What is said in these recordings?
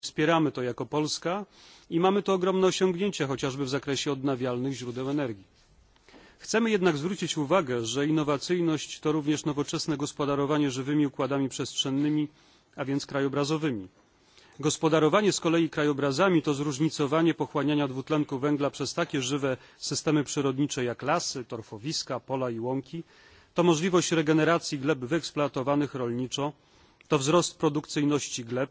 Wspieramy to jako Polska i mamy tu ogromne osiągnięcia chociażby w zakresie odnawialnych źródeł energii. Chcemy jednak zwrócić uwagę, że innowacyjność to również nowoczesne gospodarowanie żywymi układami przestrzennymi, a więc krajobrazowymi. Gospodarowanie z kolei krajobrazami to zróżnicowanie pochłaniania dwutlenku węgla przez takie żywe systemy przyrodnicze jak lasy, torfowiska, pola i łąki. To możliwość regeneracji gleb wyeksploatowanych rolniczo, to wzrost produkcyjności gleb,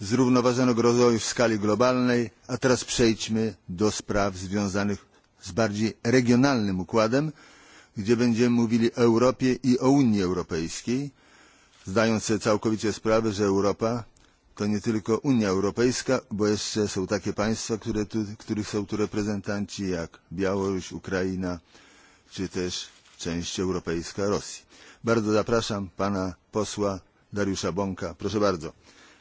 zrównoważonego rozwoju w skali globalnej a teraz przejdźmy do spraw związanych z bardziej regionalnym układem gdzie będziemy mówili o europie i o unii europejskiej zdając sobie całkowicie sprawę że europa to nie tylko unia europejska bo jeszcze są takie państwa które tu, których są tu reprezentanci jak białoruś ukraina czy też część europejska rosji. bardzo zapraszam pana posła dariusza bąka proszę bardzo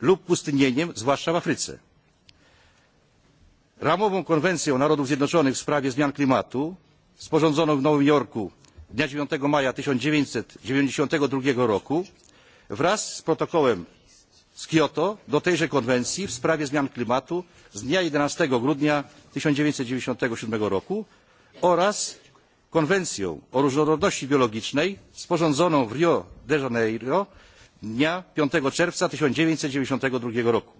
lub pustynieniem zwłaszcza w afryce. ramową konwencję narodów zjednoczonych w sprawie zmian klimatu sporządzoną w nowym jorku dnia dziewięć maja tysiąc dziewięćset dziewięćdzisiąt dwa roku wraz z protokołem z kioto do tejże konwencji w sprawie zmian klimatu z dnia jedenaście grudnia tysiąc dziewięćset dziewięćdzisiąt siedem roku oraz konwencją o różnorodności biologicznej sporządzoną w rio de janeiro dnia pięć czerwca tysiąc dziewięćset dziewięćdzisiąt dwa roku.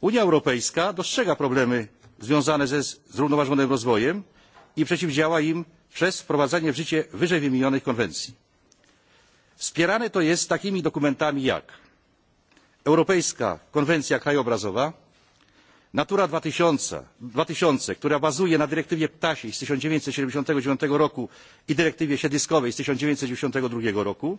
unia europejska dostrzega problemy związane ze zrównoważonym rozwojem i przeciwdziała im przez wprowadzenie w życie wyżej wymienionych konwencji. wspierane to jest takimi dokumentami jak europejska konwencja krajobrazowa natura dwa tysiące która bazuje na dyrektywie ptasiej z tysiąc dziewięćset siedemdziesiąt dziewięć roku i dyrektywie siedliskowej z tysiąc dziewięćset dziewięćdzisiąt dwa roku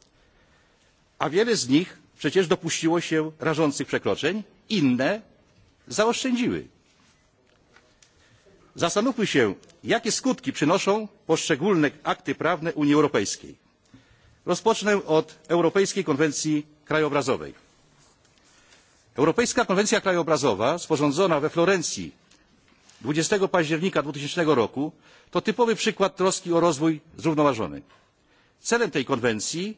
a wiele z nich przecież dopuściło się rażących przekroczeń inne zaoszczędziły. zastanówmy się jakie skutki przynoszą poszczególne akty prawne unii europejskiej. rozpocznę od europejskiej konwencji krajobrazowej. europejska konwencja krajobrazowa sporządzona we florencji dwadzieścia października dwa tysiące roku to typowy przykład troski o rozwój zrównoważony. celem tej konwencji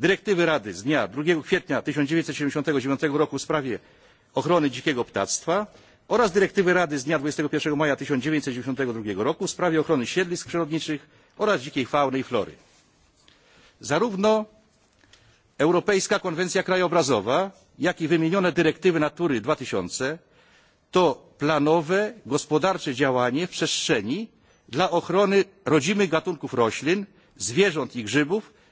dyrektywy rady z dnia dwa kwietnia tysiąc dziewięćset siedemdziesiąt dziewięć roku w sprawie ochrony dzikiego ptactwa oraz dyrektywy rady z dnia dwadzieścia jeden maja tysiąc dziewięćset dziewięćdzisiąt dwa roku w sprawie ochrony siedlisk przyrodniczych oraz dzikiej fauny i flory. zarówno europejska konwencja krajobrazowa jak i wymienione dyrektywy natury dwa tysiące to planowe gospodarcze działanie w przestrzeni dla ochrony rodzimych gatunków roślin zwierząt i grzybów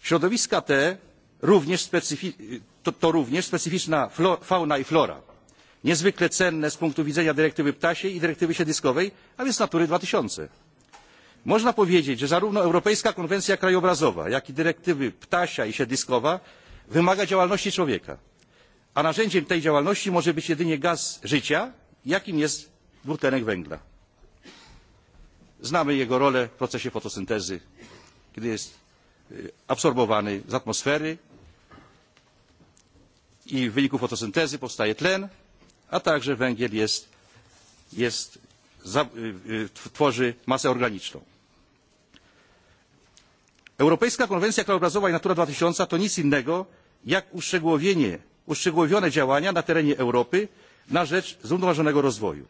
Środowiska te również to, to również specyficzna flora, fauna i flora, niezwykle cenne z punktu widzenia dyrektywy ptasiej i dyrektywy siedliskowej, a więc Natury 2000. Można powiedzieć, że zarówno Europejska Konwencja Krajobrazowa, jak i dyrektywy ptasia i siedliskowa wymaga działalności człowieka, a narzędziem tej działalności może być jedynie gaz życia, jakim jest dwutlenek węgla. Znamy jego rolę w procesie fotosyntezy, kiedy jest E, absorbowanej z atmosfery i w wyniku fotosyntezy powstaje tlen a także węgiel jest, jest, za, tworzy masę organiczną. europejska konwencja krajobrazowa i natura dwa tysiące to nic innego jak uszczegółowione działania na terenie europy na rzecz zrównoważonego rozwoju.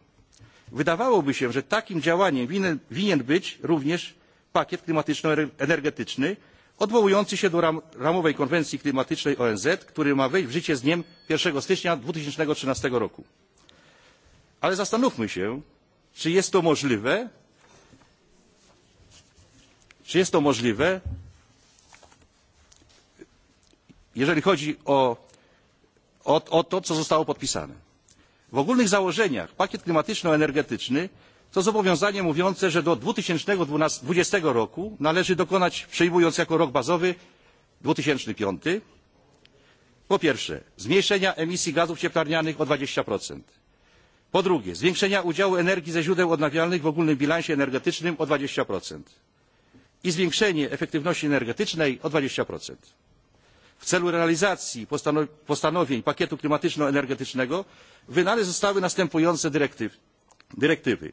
wydawałoby się że takim działaniem winien, winien być również pakiet klimatyczno energetyczny odwołujący się do ram ramowej konwencji klimatycznej onz który ma wejść w życie z dniem jeden stycznia dwa tysiące trzynaście roku. ale zastanówmy się czy jest to możliwe czy jest to możliwe jeżeli chodzi o, o, o to co zostało podpisane. w ogólnych założeniach pakiet klimatyczno energetyczny To zobowiązanie mówiące, że do 2020 roku należy dokonać, przyjmując jako rok bazowy 2005, po pierwsze zmniejszenia emisji gazów cieplarnianych o 20%, po drugie zwiększenia udziału energii ze źródeł odnawialnych w ogólnym bilansie energetycznym o 20% i zwiększenie efektywności energetycznej o 20%. W celu realizacji postanow postanowień pakietu klimatyczno-energetycznego wydane zostały następujące dyrektyw dyrektywy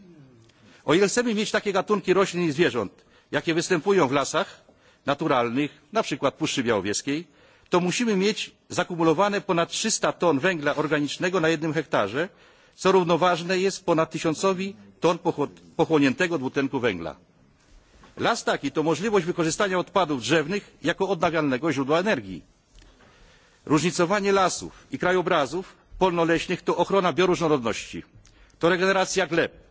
o ile chcemy mieć takie gatunki roślin i zwierząt jakie występują w lasach naturalnych na przykład puszczy białowieskiej to musimy mieć zakumulowane ponad trzysta ton węgla organicznego na jednym hektarze co równoważne jest ponad tysiącowi ton pochłoniętego dwutlenku węgla. las taki to możliwość wykorzystania odpadów drzewnych jako odnawialnego źródła energii. różnicowanie lasów i krajobrazów polno leśnych to ochrona bioróżnorodności to regeneracja gleb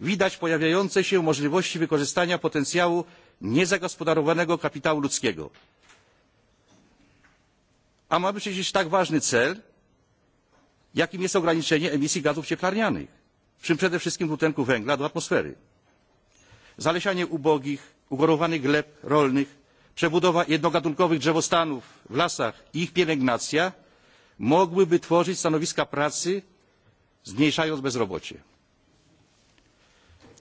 widać pojawiające się możliwości wykorzystania potencjału niezagospodarowanego kapitału ludzkiego. a mamy przecież tak ważny cel jakim jest ograniczenie emisji gazów cieplarnianych w tym przede wszystkim dwutlenku węgla do atmosfery. zalesianie ubogich ugorowanych gleb rolnych przebudowa jednogatunkowych drzewostanów w lasach i ich pielęgnacja mogłyby tworzyć stanowiska pracy zmniejszając bezrobocie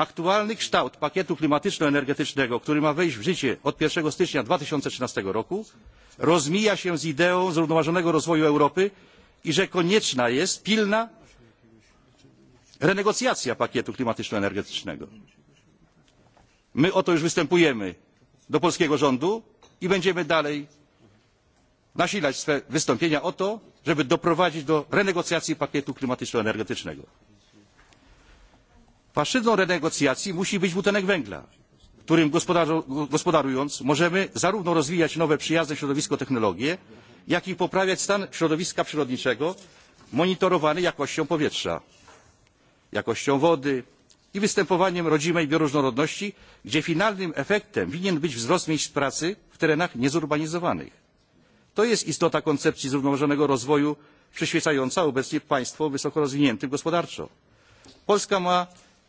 aktualny kształt pakietu klimatyczno energetycznego który ma wejść w życie od jeden stycznia dwa tysiące trzynaście roku rozmija się z ideą zrównoważonego rozwoju europy i że konieczna jest pilna renegocjacja pakietu klimatyczno energetycznego. my o to już występujemy do polskiego rządu i będziemy dalej nasilać swe wystąpienia o to żeby doprowadzić do renegocjacji pakietu klimatyczno energetycznego. Płaszczyzną renegocjacji musi być dwutlenek węgla, którym gospodaru, gospodarując możemy zarówno rozwijać nowe przyjazne środowisko technologie, jak i poprawiać stan środowiska przyrodniczego monitorowany jakością powietrza, jakością wody i występowaniem rodzimej bioróżnorodności, gdzie finalnym efektem winien być wzrost miejsc pracy w terenach niezurbanizowanych. To jest istota koncepcji zrównoważonego rozwoju przyświecająca obecnie państwom wysoko rozwiniętym gospodarczo. Polska ma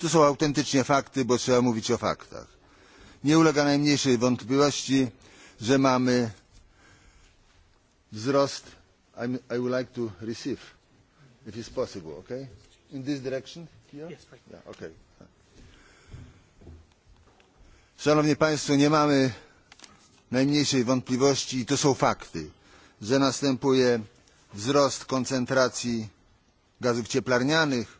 To są autentycznie fakty, bo trzeba mówić o faktach. Nie ulega najmniejszej wątpliwości, że mamy wzrost. I'm, I would like to receive, if it's possible, okay? In this direction? Here? Yes, right. yeah, okay. Szanowni Państwo, nie mamy najmniejszej wątpliwości i to są fakty, że następuje wzrost koncentracji gazów cieplarnianych,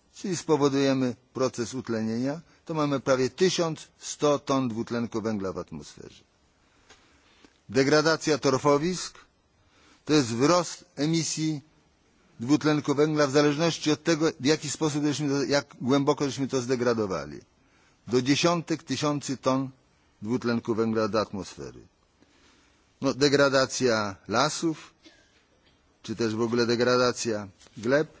czyli spowodujemy proces utlenienia, to mamy prawie 1100 ton dwutlenku węgla w atmosferze. Degradacja torfowisk to jest wzrost emisji dwutlenku węgla w zależności od tego, w jaki sposób, żeśmy to, jak głęboko żeśmy to zdegradowali. Do dziesiątek tysiący ton dwutlenku węgla do atmosfery. No, degradacja lasów, czy też w ogóle degradacja gleb,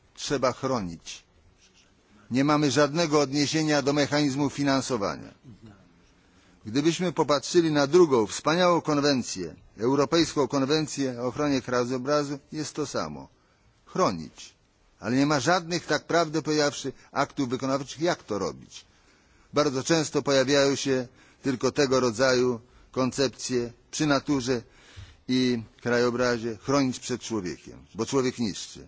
trzeba chronić. Nie mamy żadnego odniesienia do mechanizmu finansowania. Gdybyśmy popatrzyli na drugą wspaniałą konwencję, Europejską Konwencję o ochronie krajobrazu, jest to samo. Chronić. Ale nie ma żadnych, tak prawdę powiedziawszy, aktów wykonawczych, jak to robić. Bardzo często pojawiają się tylko tego rodzaju koncepcje przy naturze i krajobrazie chronić przed człowiekiem, bo człowiek niszczy.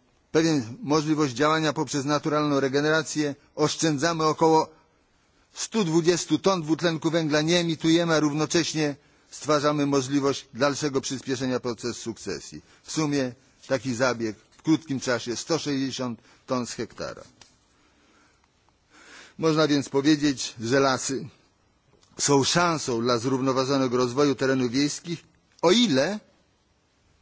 pewien możliwość działania poprzez naturalną regenerację oszczędzamy około sto dwadzieścia ton dwutlenku węgla nie emitujemy a równocześnie stwarzamy możliwość dalszego przyspieszenia procesu sukcesji. w sumie taki zabieg w krótkim czasie sto sześćdziesiąt ton z hektara. można więc powiedzieć że lasy są szansą dla zrównoważonego rozwoju terenów wiejskich o ile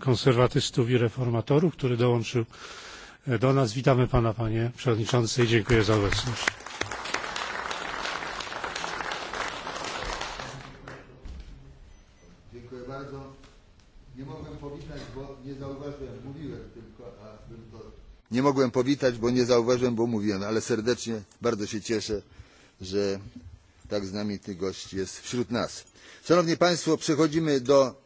konserwatystów i reformatorów, który dołączył e, do nas. Witamy Pana, Panie Przewodniczący i dziękuję za obecność. Dziękuję bardzo. Nie mogłem powitać, bo nie zauważyłem, mówiłem tylko, a bym to... Nie mogłem powitać, bo nie zauważyłem, bo mówiłem, ale serdecznie bardzo się cieszę, że tak znamity gość jest wśród nas. Szanowni Państwo, przechodzimy do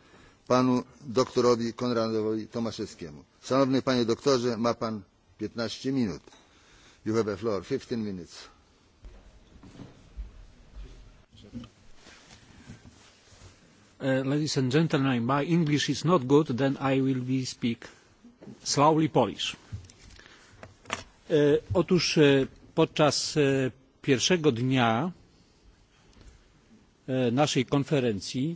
panu doktorowi Konradowi Tomaszewskiemu. Szanowny panie doktorze, ma pan 15 minut. You have a floor, 15 minutes. Uh, ladies and gentlemen, my English is not good, then I will be speak slowly Polish. Uh, otóż uh, podczas e, pierwszego dnia e, naszej konferencji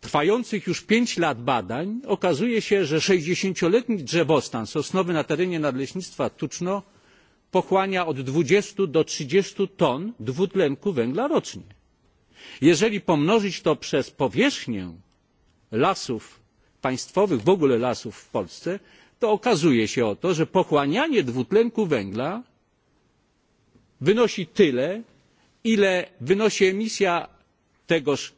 trwających już pięć lat badań okazuje się że sześćdziesięcioletni drzewostan sosnowy na terenie nadleśnictwa tuczno pochłania od dwadzieścia do trzydzieści ton dwutlenku węgla rocznie. jeżeli pomnożyć to przez powierzchnię lasów państwowych w ogóle lasów w polsce to okazuje się oto że pochłanianie dwutlenku węgla wynosi tyle ile wynosi emisja tegoż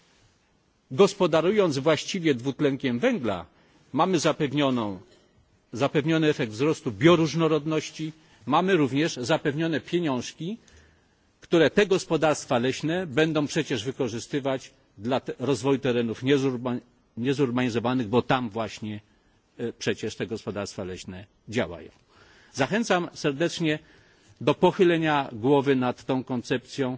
gospodarując właściwie dwutlenkiem węgla mamy zapewniony efekt wzrostu bioróżnorodności mamy również zapewnione pieniążki które te gospodarstwa leśne będą przecież wykorzystywać dla rozwoju terenów niezurbanizowanych bo tam właśnie e, przecież te gospodarstwa leśne działają. zachęcam serdecznie do pochylenia głowy nad tą koncepcją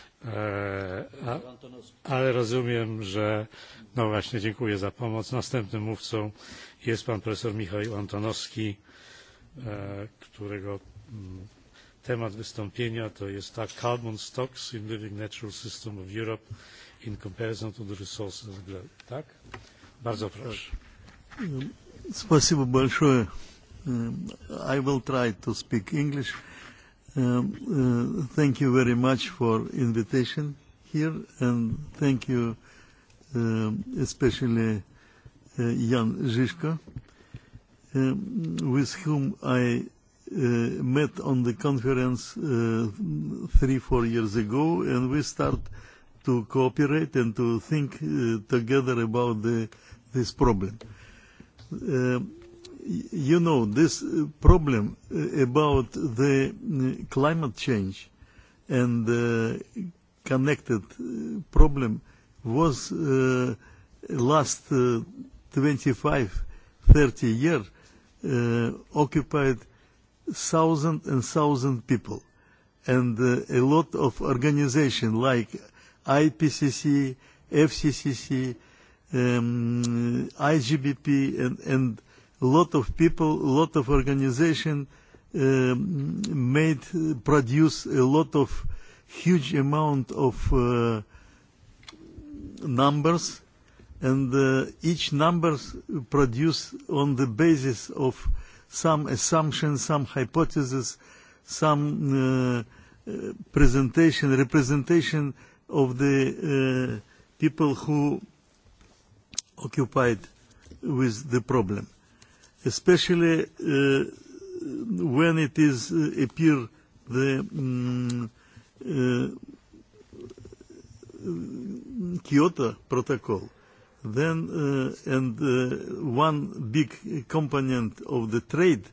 E, a, ale rozumiem, że no właśnie dziękuję za pomoc. Następnym mówcą jest pan profesor Michał Antonowski, e, którego mm, temat wystąpienia to jest tak carbon stocks in living natural system of Europe in comparison to the resources of the globe. Tak? Bardzo proszę. Спасибо большое. E, I will try to speak English. Uh, Um, uh, thank you very much for invitation here, and thank you um, especially uh, Jan Žižka, um, with whom I uh, met on the conference uh, three, four years ago, and we start to cooperate and to think uh, together about the, this problem. Um, you know, this uh, problem uh, about the uh, climate change and uh, connected problem was uh, last uh, 25, 30 years uh, occupied thousand and thousand people. And uh, a lot of organizations like IPCC, FCCC, um, IGBP, and, and lot of people, a lot of organization uh, made, produce a lot of huge amount of uh, numbers and uh, each numbers produced on the basis of some assumptions, some hypotheses, some uh, uh, presentation, representation of the uh, people who occupied with the problem. Uh, especially uh, when it is uh, appear the um, uh, Kyoto Protocol, then uh, and uh, one big component of the trade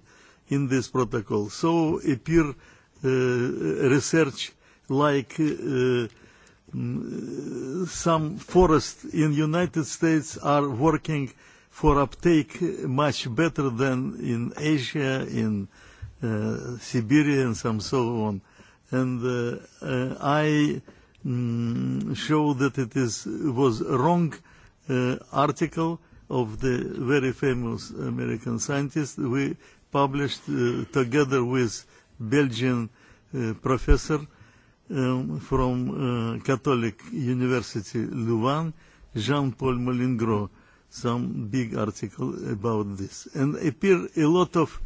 in this protocol. So appear uh, research like uh, mm, some forests in United States are working uh, for uptake much better than in Asia, in uh, Siberia, and some so on. And uh, uh, I mm, show that it is was wrong uh, article of the very famous American scientist we published uh, together with Belgian uh, professor um, from uh, Catholic University Louvain, Jean-Paul Molingro some big article about this. And appear a lot of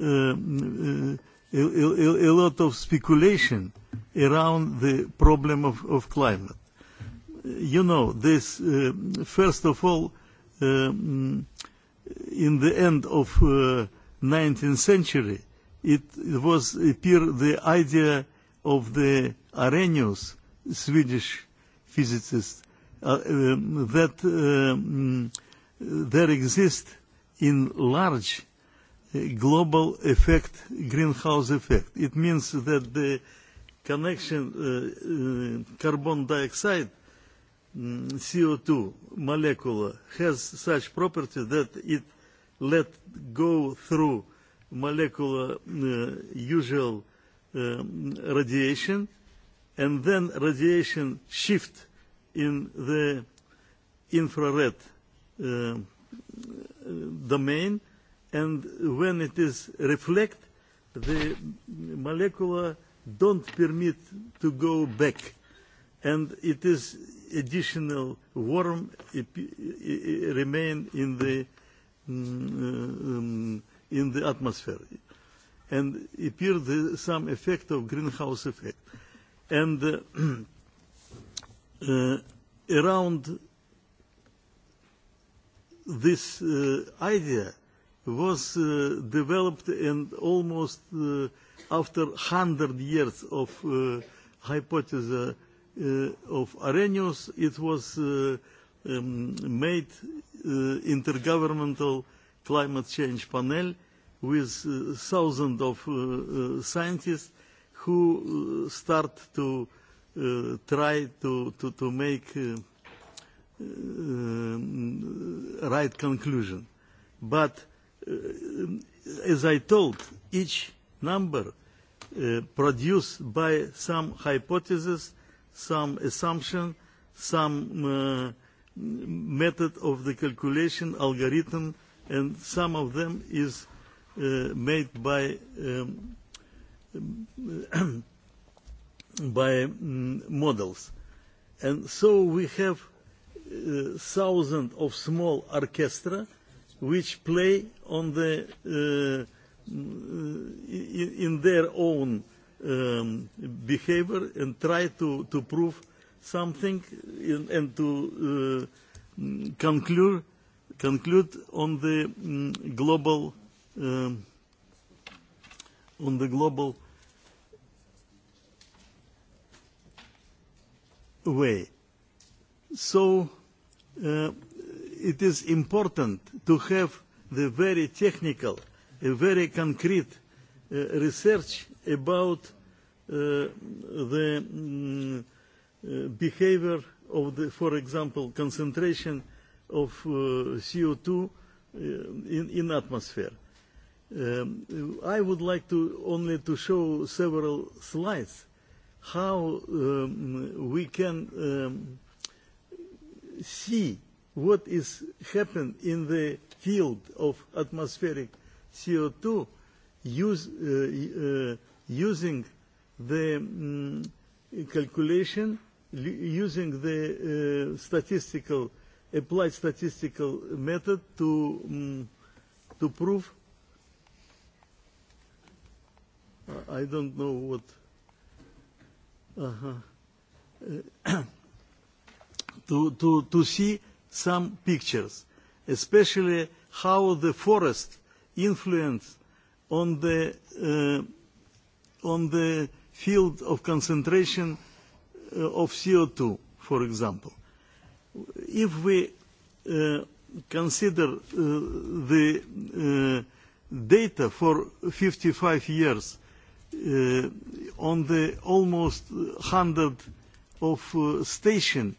uh, uh, a, a, a lot of speculation around the problem of, of climate. You know, this uh, first of all, um, in the end of uh, 19th century, it, it was appear the idea of the Arrhenius, Swedish physicist, uh, um, that um, uh, there exists in large uh, global effect, greenhouse effect. It means that the connection uh, uh, carbon dioxide, um, mm, CO2 molecule has such property that it let go through molecular uh, usual um, radiation and then radiation shift in the infrared uh, Uh, uh, domain, and when it is reflect, the molecule don't permit to go back, and it is additional warm remain in the mm, uh, um, in the atmosphere, and appear the, some effect of greenhouse effect, and uh, uh, around this uh, idea was uh, developed and almost uh, after 100 years of uh, hypothesis uh, of Arrhenius, it was uh, um, made uh, intergovernmental climate change panel with uh, thousands of uh, uh, scientists who uh, start to uh, try to, to, to make uh, uh, right conclusion. But uh, as I told, each number uh, produced by some hypothesis, some assumption, some uh, method of the calculation algorithm, and some of them is uh, made by um, by um, models. And so we have uh, thousands of small orchestra which play on the uh, mm, uh in, in their own um, behavior and try to, to prove something in, and to uh, mm, conclude conclude on the um, global um, on the global way. So uh, it is important to have the very technical, a very concrete uh, research about uh, the um, uh, behavior of the, for example, concentration of uh, CO2 uh, in, in atmosphere. Um, I would like to only to show several slides how um, we can um, see what is happened in the field of atmospheric CO2 use, uh, uh, using the um, calculation, using the uh, statistical, applied statistical method to, um, to prove I don't know what. Uh-huh. Uh, to, to, to see some pictures, especially how the forest influence on the, uh, on the field of concentration uh, of CO2, for example. If we uh, consider uh, the uh, data for 55 years uh, on the almost 100 of uh, stations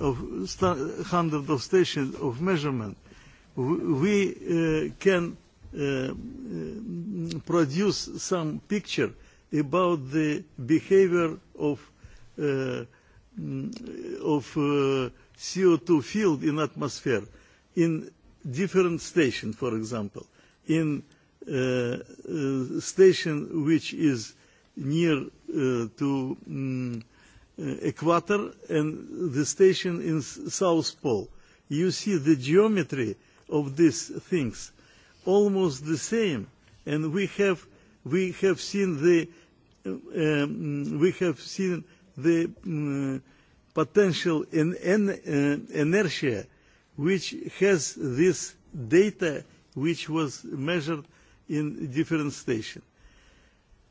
of standard of station of measurement, we uh, can uh, mm, produce some picture about the behavior of uh, mm, of uh, CO2 field in atmosphere in different station, for example, in uh, uh, station which is near uh, to um, uh, э, equator and the station in South Pole. You see the geometry of these things almost the same, and we have we have seen the uh, um, we have seen the um, potential in, in, uh, inertia which has this data which was measured in different station.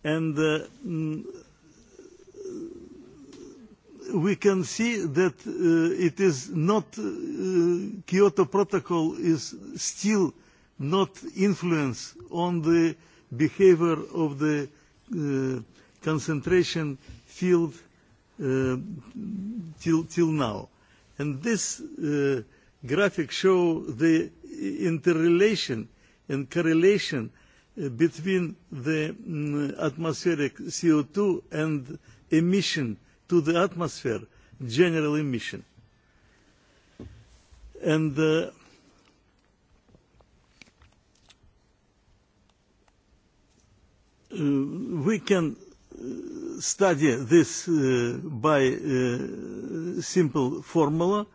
And uh, mm, we can see that uh, it is not uh, Kyoto Protocol is still not influence on the behavior of the uh, concentration field uh, till till now, and this uh, graphic show the interrelation and correlation uh, between the um, atmospheric CO2 and emission to the atmosphere general emission. And uh, uh, we can uh, study this uh, by uh, simple formula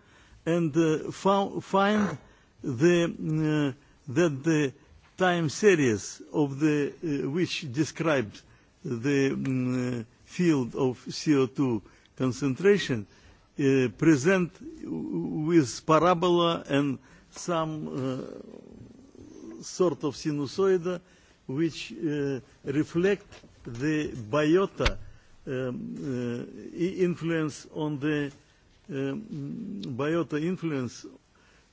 and uh, found, find the, uh, that the time series of the, uh, which described the mm, uh, field of CO2 concentration uh, present with parabola and some uh, sort of sinusoid which uh, reflect the biota um, uh, influence on the um, biota influence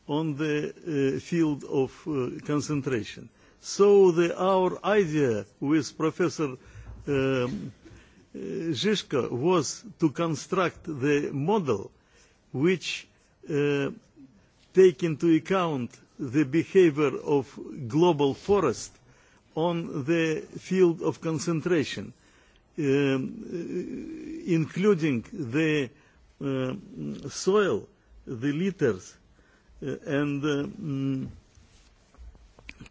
on the uh, field of uh, concentration. So the, our idea with Professor um, Uh, Zizko was to construct the model which uh, take into account the behavior of global forest on the field of concentration, um, uh, including the uh, soil, the litters, uh, and uh, um,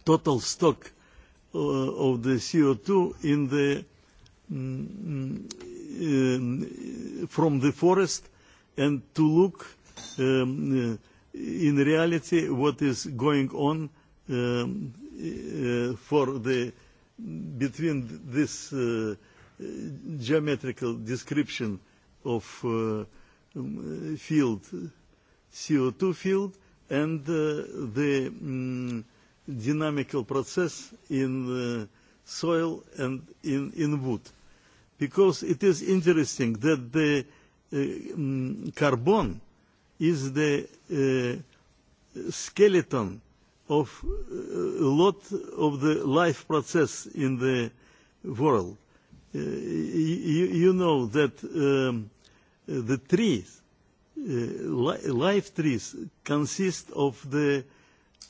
total stock uh, of the CO2 in the um, from the forest and to look um, uh, in reality what is going on um, uh, for the between this uh, geometrical description of uh, field CO2 field and uh, the um, dynamical process in uh, soil and in, in wood. Uh, because it is interesting that the uh, um, carbon is the uh, skeleton of uh, a lot of the life process in the world. Uh, you, you know that um, the trees, uh, li live trees, consist of the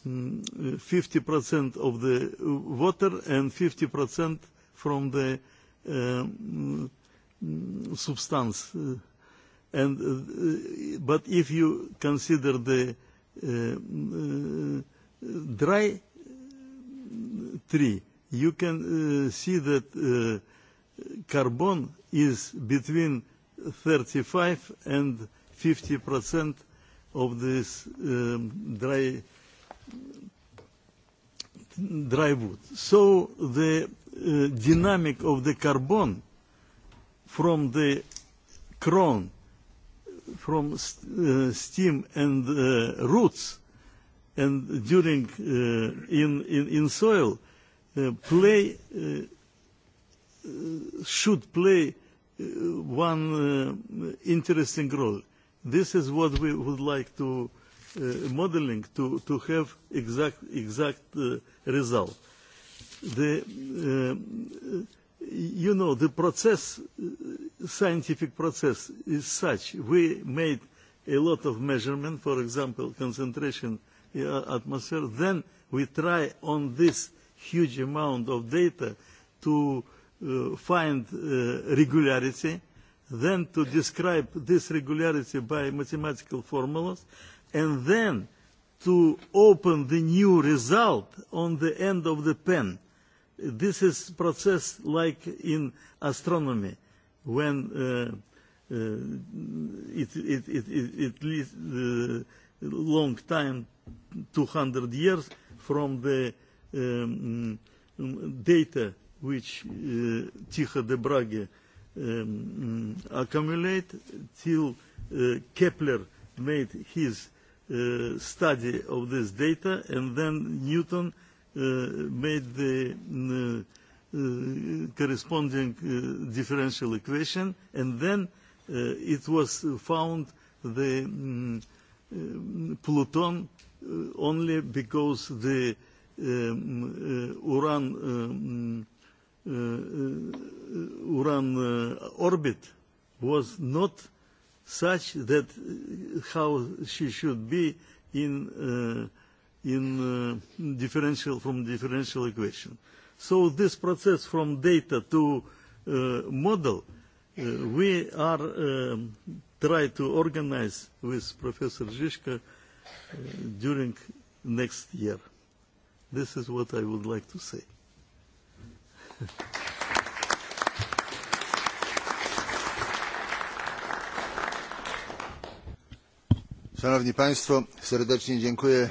um, mm, 50% of the water and 50% from the uh, um, substance. Uh, and, uh, but if you consider the uh, uh, dry tree, you can uh, see that uh, carbon is between 35 and 50 percent of this um, dry dry wood. So the uh, dynamic of the carbon from the crown, from st uh, э, stem and uh, roots, and during uh, in, in in soil, uh, play uh, should play uh, one uh, interesting role. This is what we would like to uh, modeling to to have exact exact uh, result. Uh, the, uh, you know, the process, scientific process is such. We made a lot of measurement, for example, concentration in atmosphere. Then we try on this huge amount of data to uh, find uh, regularity, then to describe this regularity by mathematical formulas, and then to open the new result on the end of the pen this is process like in astronomy when uh, uh, it, it, it, it, it leads uh, long time, 200 years from the um, data which uh, Tycho de Brage um, accumulate till uh, Kepler made his uh, study of this data and then Newton uh, made the uh, corresponding uh, differential equation, and then uh, it was found the um, Pluton only because the um, uh, Uran um, uh, Uran uh, orbit was not such that how she should be in uh, in uh, differential from differential equation. So this process from data to uh, model, uh, we are um, try to organize with Professor Zizka uh, during next year. This is what I would like to say. Szanowni Państwo, serdecznie dziękuję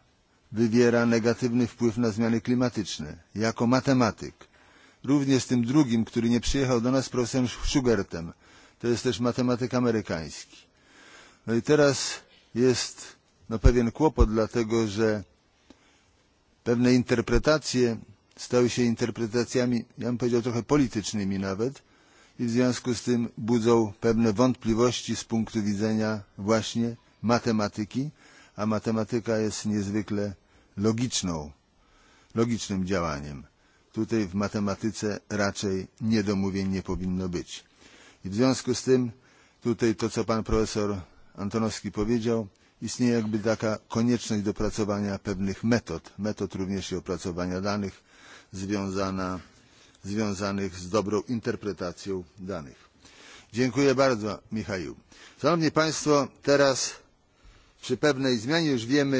wywiera negatywny wpływ na zmiany klimatyczne. Jako matematyk, również tym drugim, który nie przyjechał do nas, profesorem Schugertem, to jest też matematyk amerykański. No i teraz jest no, pewien kłopot, dlatego że pewne interpretacje stały się interpretacjami, ja bym powiedział, trochę politycznymi nawet i w związku z tym budzą pewne wątpliwości z punktu widzenia właśnie matematyki, a matematyka jest niezwykle logiczną, logicznym działaniem. Tutaj w matematyce raczej niedomówień nie powinno być. I w związku z tym tutaj to, co pan profesor Antonowski powiedział, istnieje jakby taka konieczność dopracowania pewnych metod, metod również i opracowania danych związana, związanych z dobrą interpretacją danych. Dziękuję bardzo, Michał. Szanowni Państwo, teraz przy pewnej zmianie już wiemy,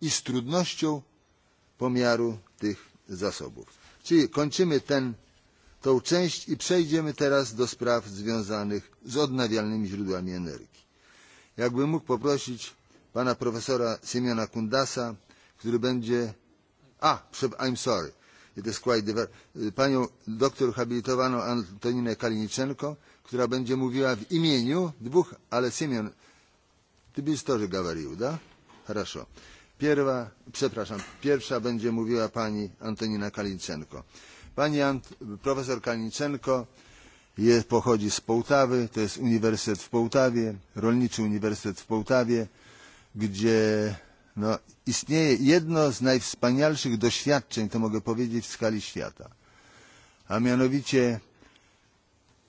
i z trudnością pomiaru tych zasobów. Czyli kończymy ten, tą część i przejdziemy teraz do spraw związanych z odnawialnymi źródłami energii. Jakbym mógł poprosić pana profesora Siemiona Kundasa, który będzie... A, I'm sorry. It is quite diver... Panią doktor habilitowaną Antoninę Kaliniczenko, która będzie mówiła w imieniu dwóch, ale Siemion, ty byś тоже говорил, да? Хорошо. Pierwa, przepraszam, pierwsza będzie mówiła pani Antonina Kalinczenko. Pani Ant, profesor Kalinczenko jest, pochodzi z Połtawy, to jest Uniwersytet w Połtawie, Rolniczy Uniwersytet w Połtawie, gdzie no, istnieje jedno z najwspanialszych doświadczeń, to mogę powiedzieć, w skali świata. A mianowicie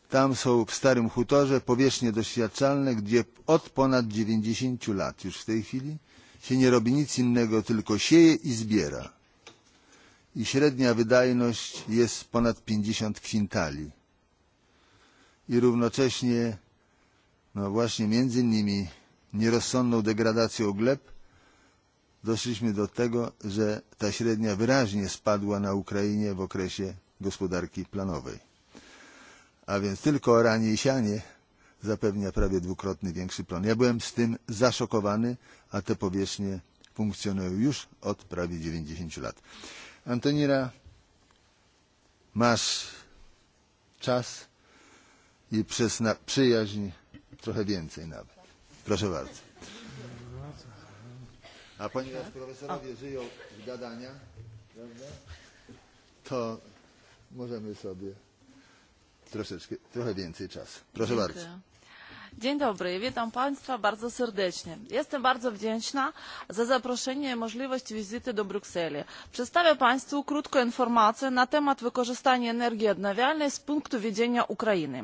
tam są w Starym Hutorze powierzchnie doświadczalne, gdzie od ponad 90 lat już w tej chwili – się nie robi nic innego, tylko sieje i zbiera. I średnia wydajność jest ponad 50 kwintali. I równocześnie, no właśnie między innymi nierozsądną degradacją gleb, doszliśmy do tego, że ta średnia wyraźnie spadła na Ukrainie w okresie gospodarki planowej. A więc tylko oranie i sianie zapewnia prawie dwukrotnie większy plon. Ja byłem z tym zaszokowany, a te powierzchnie funkcjonują już od prawie 90 lat. Antonira, masz czas i przez na przyjaźń trochę więcej nawet. Proszę bardzo. A ponieważ profesorowie żyją w gadania, prawda, to możemy sobie troszeczkę, trochę więcej czasu. Proszę Dziękuję. bardzo. Dzień dobry, witam Państwa bardzo serdecznie. Jestem bardzo wdzięczna za zaproszenie i możliwość wizyty do Brukseli. Przedstawię Państwu krótką informację na temat wykorzystania energii odnawialnej z punktu widzenia Ukrainy.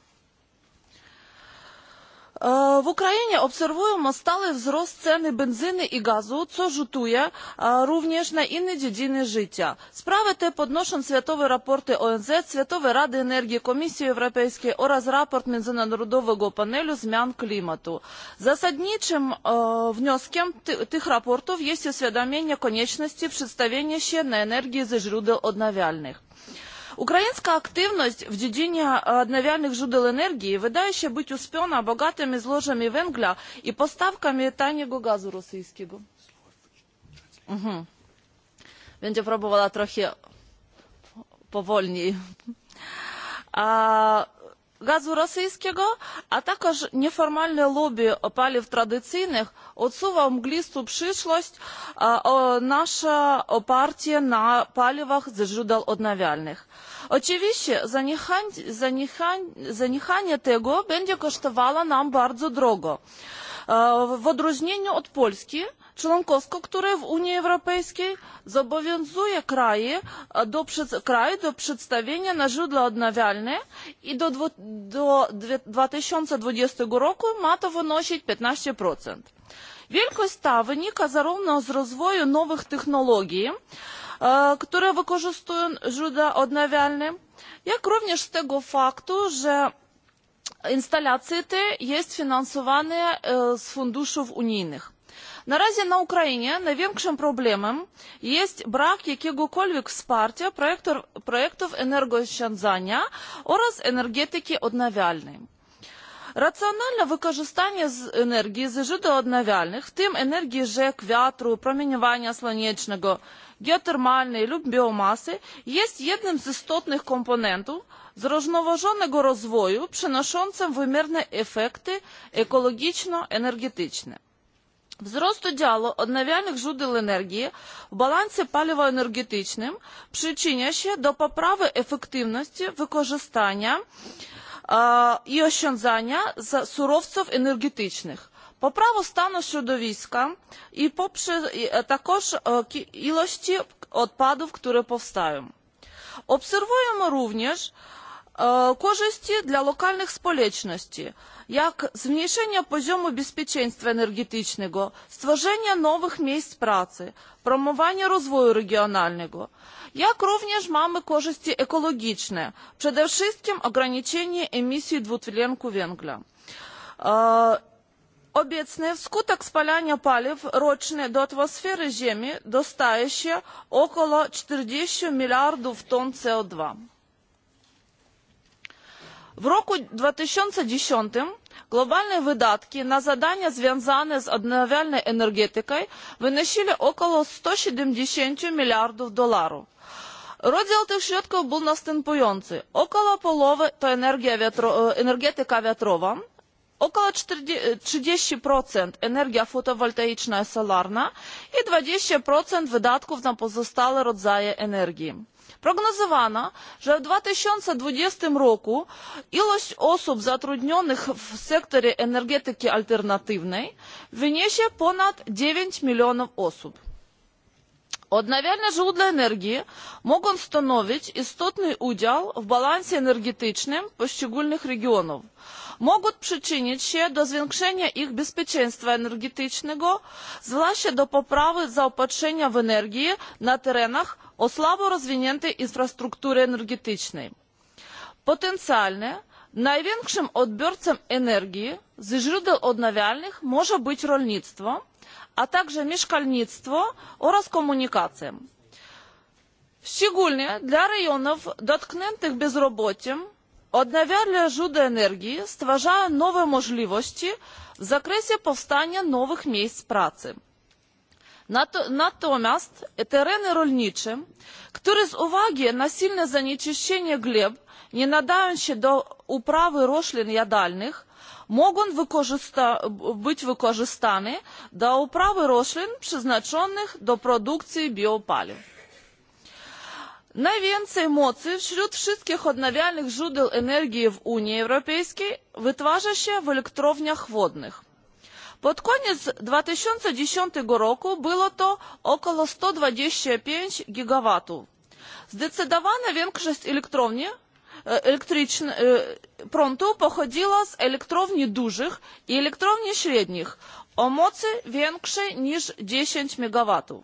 W Ukrainie obserwujemy stały wzrost ceny benzyny i gazu, co rzutuje również na inne dziedziny życia. Sprawę tę podnoszą światowe raporty ONZ, Światowej Rady Energii, Komisji Europejskiej oraz raport Międzynarodowego Panelu Zmian Klimatu. Zasadniczym wnioskiem tych raportów jest uświadomienie konieczności przedstawienia się na energię ze źródeł odnawialnych Украинская активность в dziedzinie odnawialnych źródeł energii wydaje się być uspiona bogatymi złożami węgla i postawkami taniego gazu rosyjskiego. Mhm. Będzie próbowała trochę powolniej. A gazu rosyjskiego a także nieformalne lobby paliw tradycyjnych odsuwa w mglistą przyszłość nasze oparcie na paliwach ze źródeł odnawialnych. oczywiście zaniechanie tego będzie kosztowało nas bardzo drogo. w odróżnieniu od polski członkowską które w unii europejskiej zobowiązuje kraje e, do, kraj do przedstawienia na źródła odnawialne i do dwa tysiące dwadzieścia roku ma to wynosić piętnaście wielkość ta wynika zarówno z rozwoju nowych technologii e, które wykorzystują źródła odnawialne jak również z tego faktu że instalacje te są finansowane e, z funduszy unijnych. Na razie na Ukrainie największym problemem jest brak jakiegokolwiek wsparcia projektor, projektów energooszczędzania oraz energetyki odnawialnej. Racjonalne wykorzystanie z energii z źródeł odnawialnych, w tym energii rzek, wiatru, promieniowania słonecznego, geotermalnej lub biomasy, jest jednym z istotnych komponentów zrównoważonego rozwoju przynoszącym wymierne efekty ekologiczno-energetyczne Wzrost udziału odnawialnych źródeł energii w balansie paliwowo-energetycznym przyczynia się do poprawy efektywności wykorzystania e, i oszczędzania surowców energetycznych. Poprawa stanu środowiska i poprzez e, także ilości odpadów, które powstają. Obserwujemy również e, korzyści dla lokalnych społeczności jak zmniejszenie poziomu bezpieczeństwa energetycznego, stworzenie nowych miejsc pracy, promowanie rozwoju regionalnego. Jak również mamy korzyści ekologiczne, przede wszystkim ograniczenie emisji dwutlenku węgla. E obecnie wskutek spalania paliw rocznie do atmosfery Ziemi dostaje się około 40 miliardów ton CO2 w roku dwa tysiące dziesięć globalne wydatki na zadania związane z odnawialną energetyką wynosiły około sto siedemdziesiąt miliardów dolarów. rozdział tych środków był następujący około połowy to wiatro, e, energetyka wiatrowa około e, trzydzieści energia fotowoltaiczna i solarna i dwadzieścia wydatków na pozostałe rodzaje energii prognozowano że w dwa tysiące dwadzieścia roku ilość osób zatrudnionych w sektorze energetyki alternatywnej wyniesie ponad dziewięć milionów osób. odnawialne źródła energii mogą stanowić istotny udział w balansie energetycznym poszczególnych regionów mogą przyczynić się do zwiększenia ich bezpieczeństwa energetycznego zwłaszcza do poprawy zaopatrzenia w energię na terenach слабо розвинятої інфраструктури енергетичної. Потенціально największym odbiorcą energii ze źródeł odnawialnych może być rolnictwo a także mieszkalnictwo oraz komunikacja. szczególnie dla rejonów dotkniętych bezrobociem odnawialne źródła energii stwarzają nowe możliwości w zakresie powstania nowych miejsc pracy natomiast tereny rolnicze które z uwagi na silne zanieczyszczenie gleb nie nadają się do uprawy roślin jadalnych mogą być wykorzystane do uprawy roślin przeznaczonych do produkcji biopaliw. najwięcej mocy wśród wszystkich odnawialnych źródeł energii w unii europejskiej wytwarza się w elektrowniach wodnych. Pod koniec 2010 roku było to około 125 gigawatów. Zdecydowana większość elektrowni elektrycznych prądu pochodziła z elektrowni dużych i elektrowni średnich o mocy większej niż 10 megawatów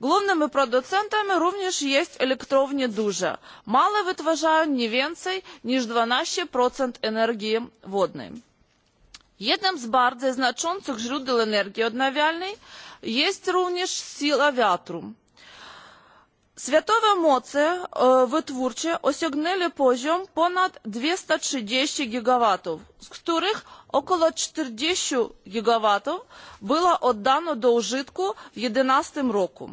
Głównymi producentami również jest elektrownie duże. Małe wytwarzają nie więcej niż 12% energii wodnej. Jednym z bardziej znaczących źródeł energii odnawialnej jest również siła wiatru. Światowe moce e, wytwórcze osiągnęły poziom ponad 230 gigawatów, z których około 40 gigawatów było oddano do użytku w 2011 roku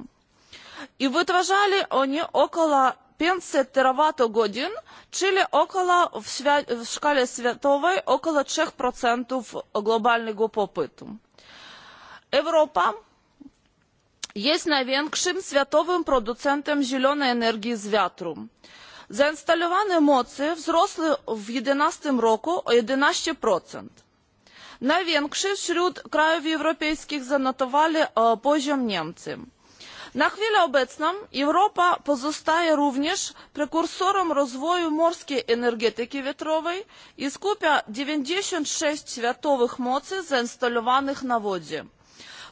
и выражали они около 500 тераватт-годин, czyli около, в, свя- в шкале световой около 3% глобального попыту. Европа jest największym światowym producentem zielonej energii z wiatru. Zainstalowane moce wzrosły w 2011 roku o 11%. Największy wśród krajów europejskich zanotowali poziom Niemcy na chwilę obecną europa pozostaje również prekursorem rozwoju morskiej energetyki wiatrowej i skupia dziewięćdzisiąt sześć światowych mocy zainstalowanych na wodzie.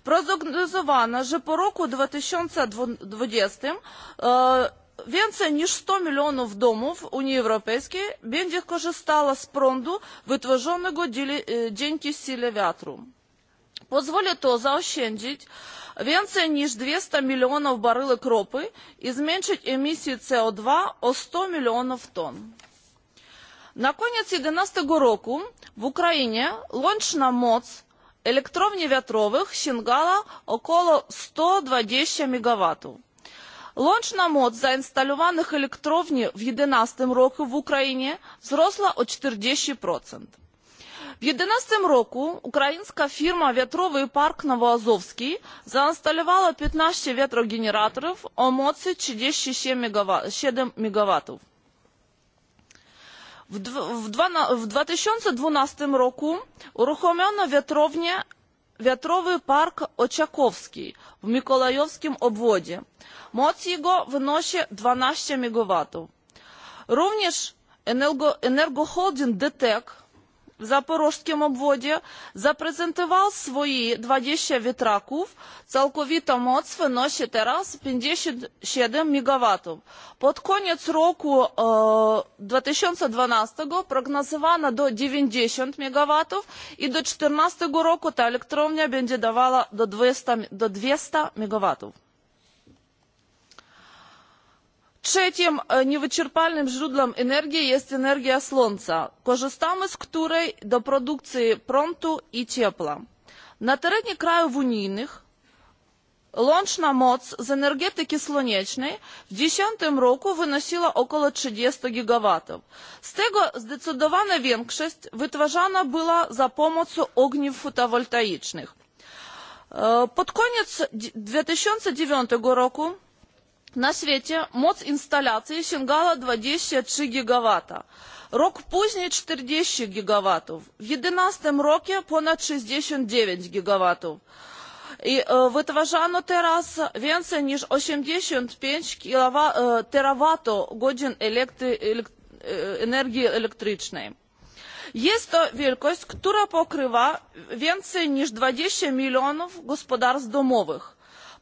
prognozowano że po roku dwa tysiące dwadzieścia e, więcej niż sto milionów domów unii europejskiej będzie korzystało z prądu wytworzonego e, dzięki sile wiatru. pozwoli to zaoszczędzić więcej niż dwieście milionów baryłek ropy i zmniejszyć emisję co dwa o sto milionów ton. na koniec dwa tysiące jedenaście roku w ukrainie łączna moc elektrowni wiatrowych sięgała około sto dwadzieścia megawatów. Łączna moc zainstalowanych elektrowni w 2011 roku w Ukrainie wzrosła o 40% w jedenaście roku ukraińska firma wiatrowy park nowoazowski zainstalowała piętnaście wiatrogeneratorów o mocy trzydzieści siedem mw. w dwa tysiące dwanaście roku uruchomiono wiatrownię wiatrowy park oczakowski w mikołajowskim obwodzie. moc jego wynosi dwanaście mw. również energoholding dtec w zaporożskim obwodzie zaprezentował swoje dwadzieścia wiatraków całkowita moc wynosi teraz pięćdziesiąt siedem megawatów. pod koniec roku dwa tysiące dwanaście prognozowano do dziewięćdzisiąt megawatów i do dwa tysiące czternaście roku ta elektrownia będzie dawała do dwieście megawatów trzecim e, niewyczerpalnym źródłem energii jest energia słońca korzystamy z której do produkcji prądu i ciepła. na terenie krajów unijnych łączna moc z energetyki słonecznej w dwa tysiące dziesięć roku wynosiła około trzydzieści gigawatów z tego zdecydowana większość wytwarzana była za pomocą ogniw fotowoltaicznych. E, pod koniec dwa tysiące dziewięć roku na świecie moc instalacji sięgała dwadzieścia trzy gigawata rok później czterdzieści gigawatów w jedenastym roku ponad sześćdziesiąt dziewięć gigawatów i wytwarzano teraz więcej niż osiemdziesiąt pięć terawatogodzin energii elektrycznej. jest to wielkość która pokrywa więcej niż dwadzieścia milionów gospodarstw domowych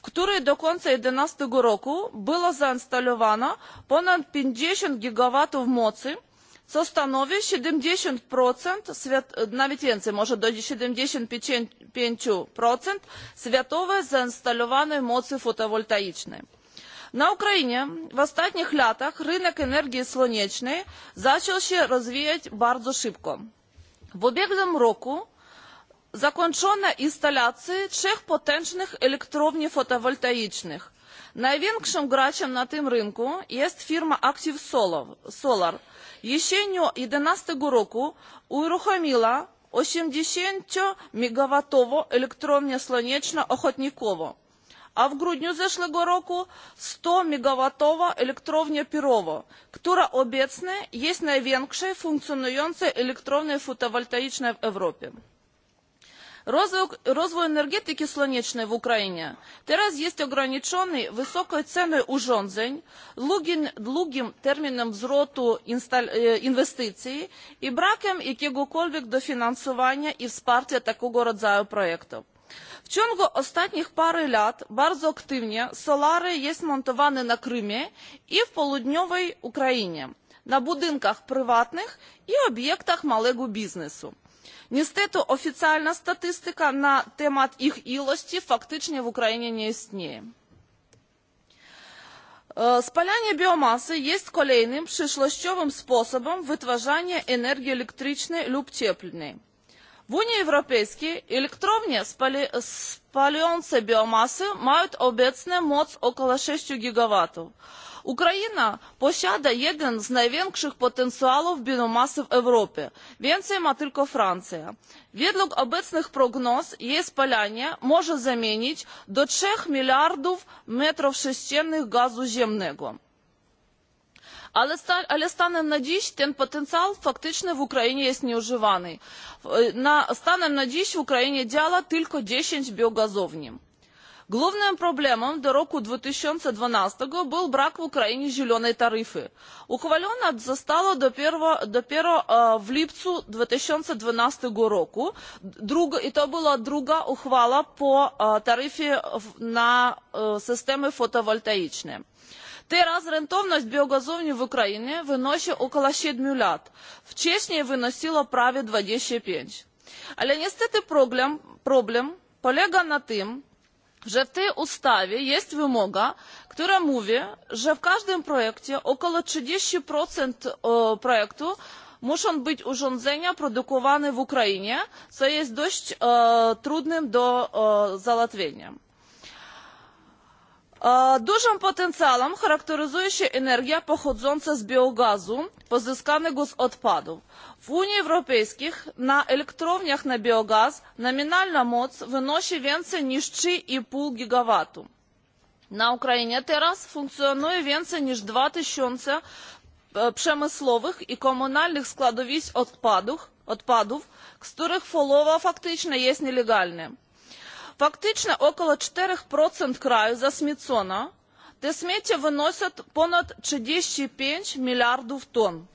w której do końca dwa tysiące jedenaście roku było zainstalowane ponad pięćdziesiąt gigawatów mocy co stanowi siedemdziesiąt nawet więcej może do siedemdziesiąt pięć światowej zainstalowanej mocy fotowoltaicznej. na ukrainie w ostatnich latach rynek energii słonecznej zaczął się rozwijać bardzo szybko. w ubiegłym roku zakończono instalacje trzech potężnych elektrowni fotowoltaicznych. największym graczem na tym rynku jest firma active solar. jesienią dwa tysiące jedenaście roku uruchomiła osiemdziesiąt megawatową elektrownię słoneczno ochotnikowo a w grudniu zeszłego roku sto megawatową elektrownię pirowo która obecnie jest największą funkcjonującą elektrownią fotowoltaiczną w europie. Розвиток, розвиток енергетики сонячної в Україні зараз є ограничений високою ціною ужонзень, długim, długim терміном wzrostu інвестицій і браком якогось дофінансування і wsparcia такого rodzaju проєктів. W ciągu ostatnich pary lat bardzo aktywnie solary jest montowane na Krymie i w południowej Ukrainie, na budynkach prywatnych i obiektach małego biznesu. Niestety oficjalna statystyka na temat ich ilości faktycznie w Ukrainie nie istnieje. Spalanie biomasy jest kolejnym przyszłościowym sposobem wytwarzania energii elektrycznej lub cieplnej w unii europejskiej elektrownie spalające biomasę mają obecnie moc około sześć gigawatów. ukraina posiada jeden z największych potencjałów biomasy w europie więcej ma tylko francja. według obecnych prognoz jej spalanie może zamienić do trzy miliardów metrów sześciennych gazu ziemnego ale stanem na dziś ten potencjał faktyczny w ukrainie jest nieużywany. stanem na dziś w ukrainie działa tylko dziesięć biogazowni. Głównym problemem do roku 2012 był brak w Ukrainie zielonej taryfy. Uchwalona została dopiero, dopiero w lipcu 2012 roku druga, i to była druga uchwała po taryfie na systemy fotowoltaiczne. Teraz rentowność biogazowni w Ukrainie wynosi około 7 lat. Wcześniej wynosiła prawie 25. Ale niestety problem, problem polega na tym, że w tej ustawie jest wymoga, która mówi, że w każdym projekcie około 30% projektu muszą być urządzenia produkowane w Ukrainie, co jest dość e, trudnym do e, załatwienia. E, dużym potencjałem charakteryzuje się energia pochodząca z biogazu pozyskanego z odpadów. W Unii Europejskiej na elektrowniach na biogaz nominalna moc wynosi więcej niż 3,5 gigawatu. Na Ukrainie teraz funkcjonuje więcej niż 2000 e, przemysłowych i komunalnych składowisk odpadów, odpadów z których połowa faktycznie jest nielegalna Фактично около 4% краю засміцоно, те сміття виносять понад 35 мільярдів тонн.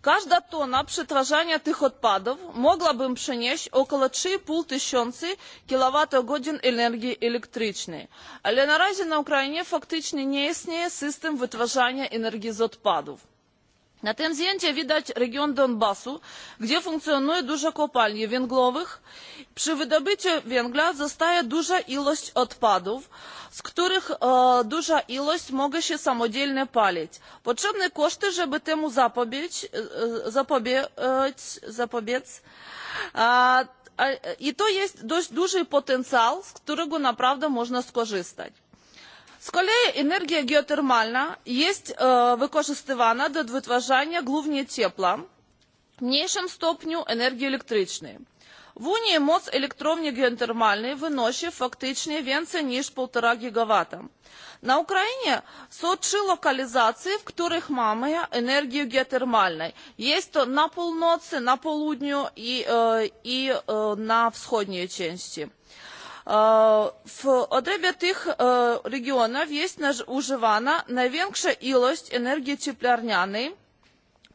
Każda tona przetwarzania tych odpadów mogłaby przynieść około 3,5 tysiąca kWh energii elektrycznej, ale na razie na Ukrainie faktycznie nie istnieje system wytwarzania energii z odpadów na tym zdjęciu widać region donbasu gdzie funkcjonuje dużo kopalni węglowych. przy wydobyciu węgla zostaje duża ilość odpadów z których e, duża ilość może się samodzielnie palić. potrzebne koszty żeby temu zapobiec, zapobiec, zapobiec a, a, i to jest dość duży potencjał z którego naprawdę można skorzystać Z kolei energia geotermalna jest wykorzystywana do wytwarzania głównie ciepła, w mniejszym stopniu energii elektrycznej. W Unii moc elektrowni geotermalnej wynosi faktycznie więcej niż 1,5 gigawata. Na Ukrainie są trzy lokalizacje, w których mamy energię geotermalną. Jest to na północy, na południu i, i na wschodniej części. Э, в отребі тих э, регіонів є уживана найвwiększa ilość energii cieplarnianej.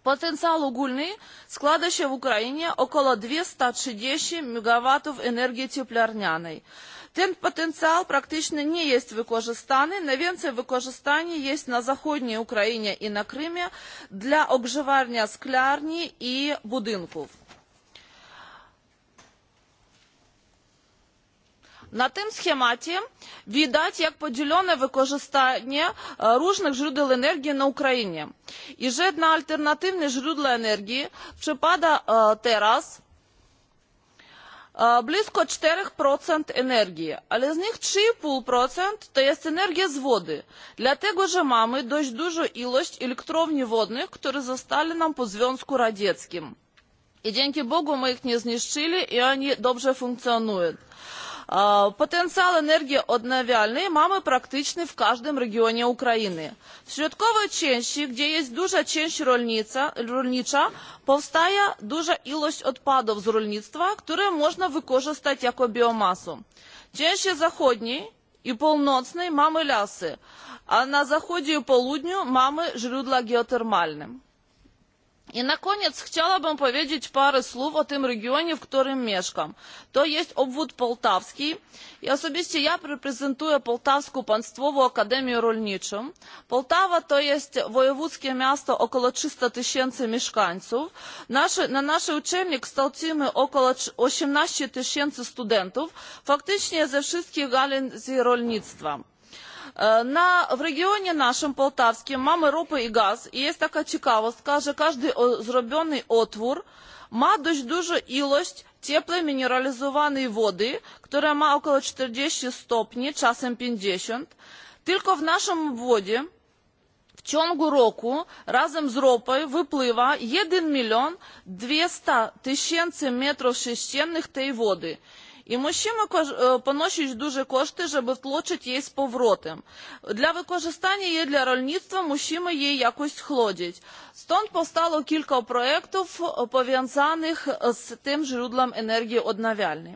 Потенциал угольный складывает в Украине около 230 мегаваттов энергии теплярняной. Ten potencjał praktycznie nie jest wykorzystany. Najwięcej wykorzystanie jest na zachodniej Ukrainie i na Krymie dla ogrzewania sklarni i budynków na tym schemacie widać jak podzielone wykorzystanie różnych źródeł energii na ukrainie i że na alternatywne źródła energii przypada teraz blisko cztery energii ale z nich trzy pięć to jest energia z wody dlatego że mamy dość dużą ilość elektrowni wodnych które zostały nam po związku radzieckim i dzięki bogu my ich nie zniszczyli i one dobrze funkcjonują. Потенциал энергии одноавіальної mamy практичний в кожному регіоні України. В Środkowej Części, gdzie jest duża część rolnica, rolnicza, powstaje duża ilość odpadów z rolnictwa, które można wykorzystać jako biomasę. W części zachodniej i północnej mamy lasy, a na zachodzie i południu mamy źródła geotermalne I na koniec chciałabym powiedzieć parę słów o tym regionie, w którym mieszkam. To jest obwód poltawski i osobiście ja reprezentuję Poltawską Państwową Akademię Rolniczą. Poltawa to jest wojewódzkie miasto około 300 tysięcy mieszkańców. Nasze, na naszej uczelni kształcimy około 18 tysięcy studentów, faktycznie ze wszystkich galin rolnictwa Э, на, в регионе нашем, Полтавском, mamy ropę i gaz i jest taka ciekawostka, że każdy o, zrobiony otwór ma dość dużą ilość cieplej mineralizowanej wody, która ma około 40 stopni, czasem 50. Tylko w naszym obwodzie w ciągu roku razem z ropą wypływa jeden milion dwieście tysięcy metrów sześciennych tej wody І мужчина поношують дуже кошти, щоб втлочити її з повротом. Для використання її для рольництва мужчина її якось хлодять. Stąd powstało kilka projektów powiązanych z tym źródłem energii odnawialnej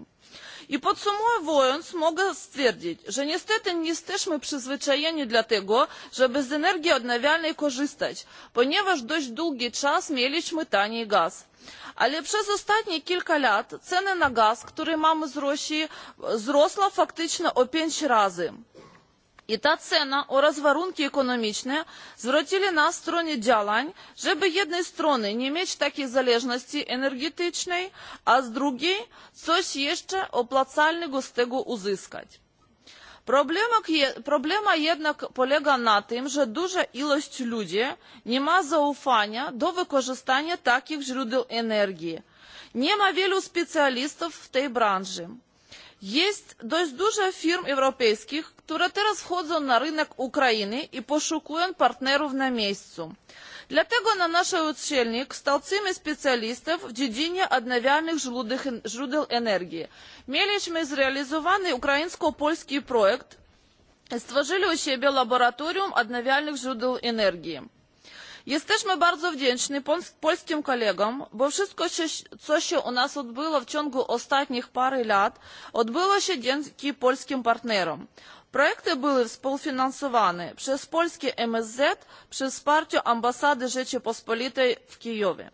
i podsumowując mogę stwierdzić że niestety nie jesteśmy przyzwyczajeni do tego żeby z energii odnawialnej korzystać ponieważ dość długi czas mieliśmy tani gaz ale przez ostatnie kilka lat cena gazu który mamy z rosji wzrosła faktycznie o pięć razy. І та цена oraz warunki ekonomiczne zwrócili nas w stronę działań, żeby jednej strony nie mieć takiej zależności energetycznej, a z drugiej coś jeszcze opłacalnego z tego uzyskać. Problema, problema jednak polega na tym, że duża ilość ludzi nie ma zaufania do wykorzystania takich źródeł energii. Nie ma wielu specjalistów w tej branży Есть dość dużo firm europejskich, które teraz wchodzą na rynek Ukrainy i poszukują partnerów na miejscu. Dlatego na nasz uczelni kształcimy specjalistów w dziedzinie odnawialnych źródeł energii. Mieliśmy zrealizowany ukraińsko-polski projekt i stworzyli u siebie laboratorium odnawialnych źródeł energii jesteśmy bardzo wdzięczni polskim kolegom bo wszystko co się u nas odbyło w ciągu ostatnich paru lat odbyło się dzięki polskim partnerom. projekty były współfinansowane przez polskie msz przy wsparciu ambasady rzeczypospolitej w kijowie.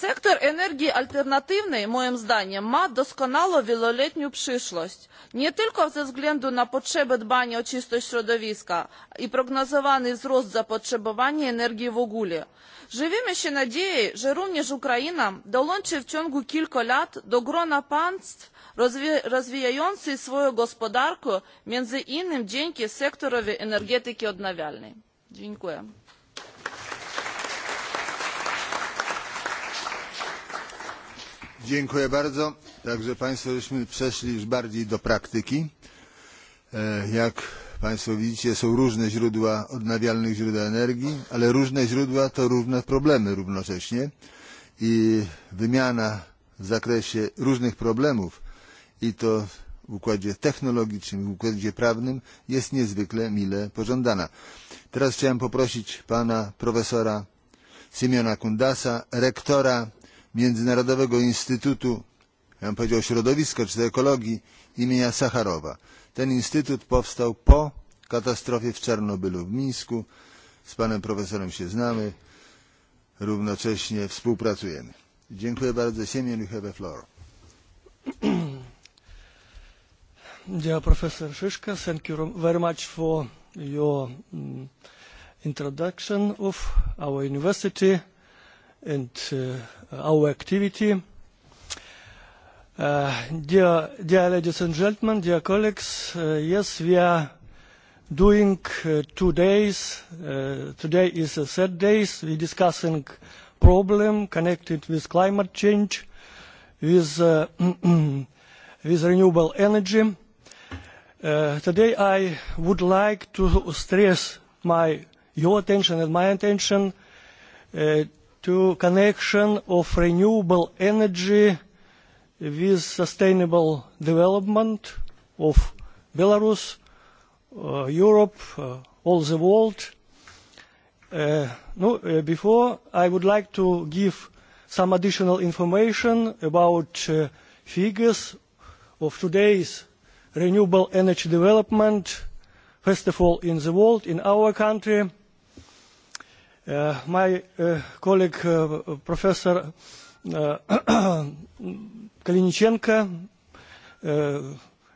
Сектор энергии альтернативной, моим зданiem, ma doskonałą wieloletnią przyszłość. Nie tylko ze względu na potrzebę dbania o czystość środowiska i prognozowany wzrost zapotrzebowania energii w ogóle. Żywimy się nadzieją, że również Ukraina dołączy w ciągu kilku lat do grona państw rozwi rozwijających swoją gospodarkę, między innymi dzięki sektorowi energetyki odnawialnej. Dziękuję. Dziękuję bardzo. Także Państwo żeśmy przeszli już bardziej do praktyki. E, jak Państwo widzicie, są różne źródła odnawialnych źródeł energii, ale różne źródła to różne problemy równocześnie i wymiana w zakresie różnych problemów i to w układzie technologicznym, w układzie prawnym jest niezwykle mile pożądana. Teraz chciałem poprosić pana profesora Simeona Kundasa, rektora Międzynarodowego Instytutu, ja bym powiedział środowiska czy ekologii imienia Sacharowa. Ten instytut powstał po katastrofie w Czarnobylu w Mińsku. Z panem profesorem się znamy, równocześnie współpracujemy. Dziękuję bardzo. Siemien, you have a floor. Dear Professor Shishka, thank you very much for your um, introduction of our university and uh, our activity. Uh, dear, dear ladies and gentlemen, dear colleagues, uh, yes, we are doing uh, two days. Uh, today is a third day. We're discussing problem connected with climate change, with, uh, with renewable energy. Uh, today I would like to stress my, your attention and my attention uh, to connection of renewable energy with sustainable development of Belarus, uh, Europe, uh, all the world. Uh, no, uh, before, I would like to give some additional information about uh, figures of today's renewable energy development, first of all in the world, in our country, Uh, eh, my uh, eh, colleague, uh, Professor uh, eh, Kalinichenko, uh,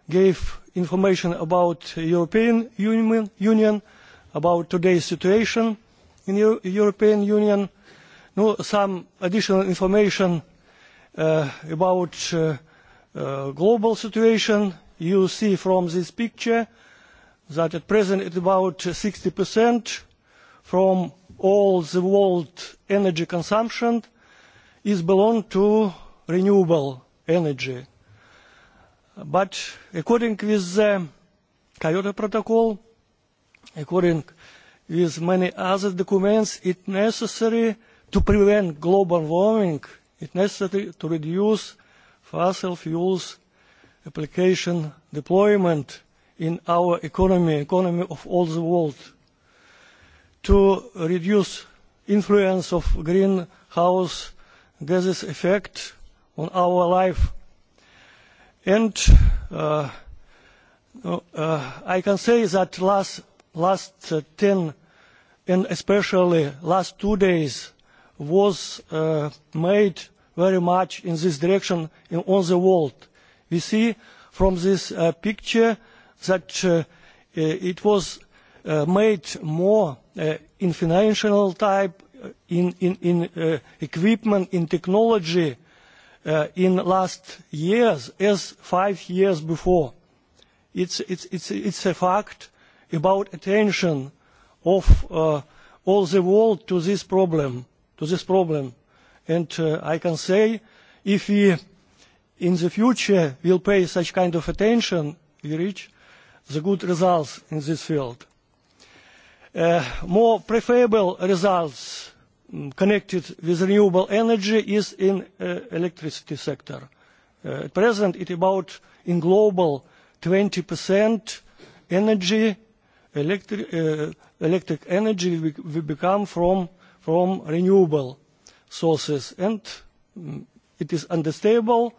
gave information about European Union, Union about today's situation in Euro European Union. No, some additional information uh, about uh, uh, global situation. You see from this picture that at present it's about 60% from all the world energy consumption is belong to renewable energy. But according with the Kyoto Protocol, according with many other documents, it necessary to prevent global warming, it necessary to reduce fossil fuels application deployment in our economy, economy of all the world to reduce influence of greenhouse gases effect on our life. And uh, uh, uh I can say that last, last uh, 10 and especially last two days was uh, made very much in this direction in, on the world. We see from this uh, picture that uh, uh it was uh, made more uh, in financial type, uh, in, in, in uh, equipment, in technology uh, in last years as five years before. It's, it's, it's, it's a fact about attention of uh, all the world to this problem, to this problem. And uh, I can say if we in the future will pay such kind of attention, we reach the good results in this field. Uh, э, more preferable results um, connected with renewable energy is in uh, electricity sector. Uh, at present, it about in global 20% energy, electric, uh, electric energy we, we become from, from renewable sources, and um, it is understandable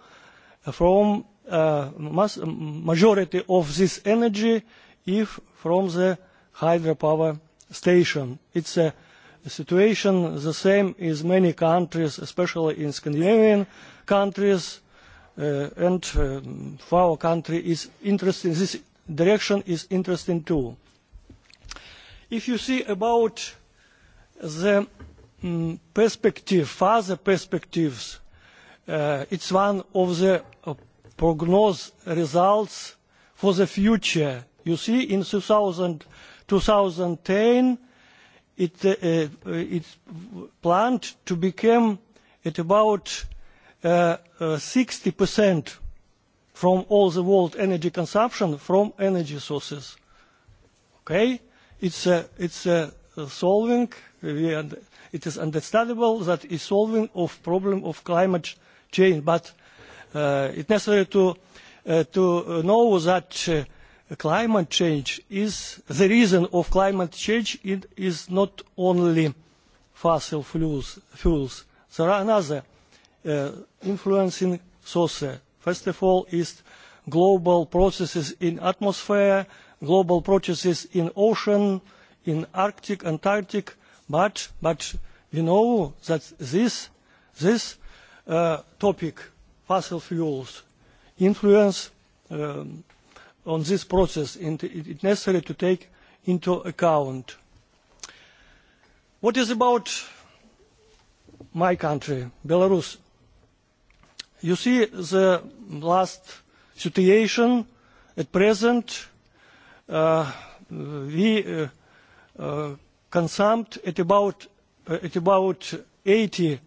uh, from uh, mass, majority of this energy if from the hydropower station. It's a situation the same as many countries, especially in Scandinavian countries, uh, and um, for our country is interesting. This direction is interesting too. If you see about the um, perspective, further perspectives, uh, it's one of the uh, prognose results for the future. You see, in 2000. 2010 it, uh, uh it's planned to become at about uh, uh, 60% from all the world energy consumption from energy sources. Okay? It's, uh, it's uh, solving, we, it is understandable that it's solving of problem of climate change, but uh, it's necessary to, uh, to know that uh, climate change is the reason of climate change it is not only fossil fuels fuels there are another uh, influencing sources first of all is global processes in atmosphere global processes in ocean in arctic antarctic but but we know that this this uh, topic fossil fuels influence um, on this process and it is necessary to take into account. What is about my country, Belarus? You see the last situation at present uh, we uh, uh, consumed at about uh, at about 80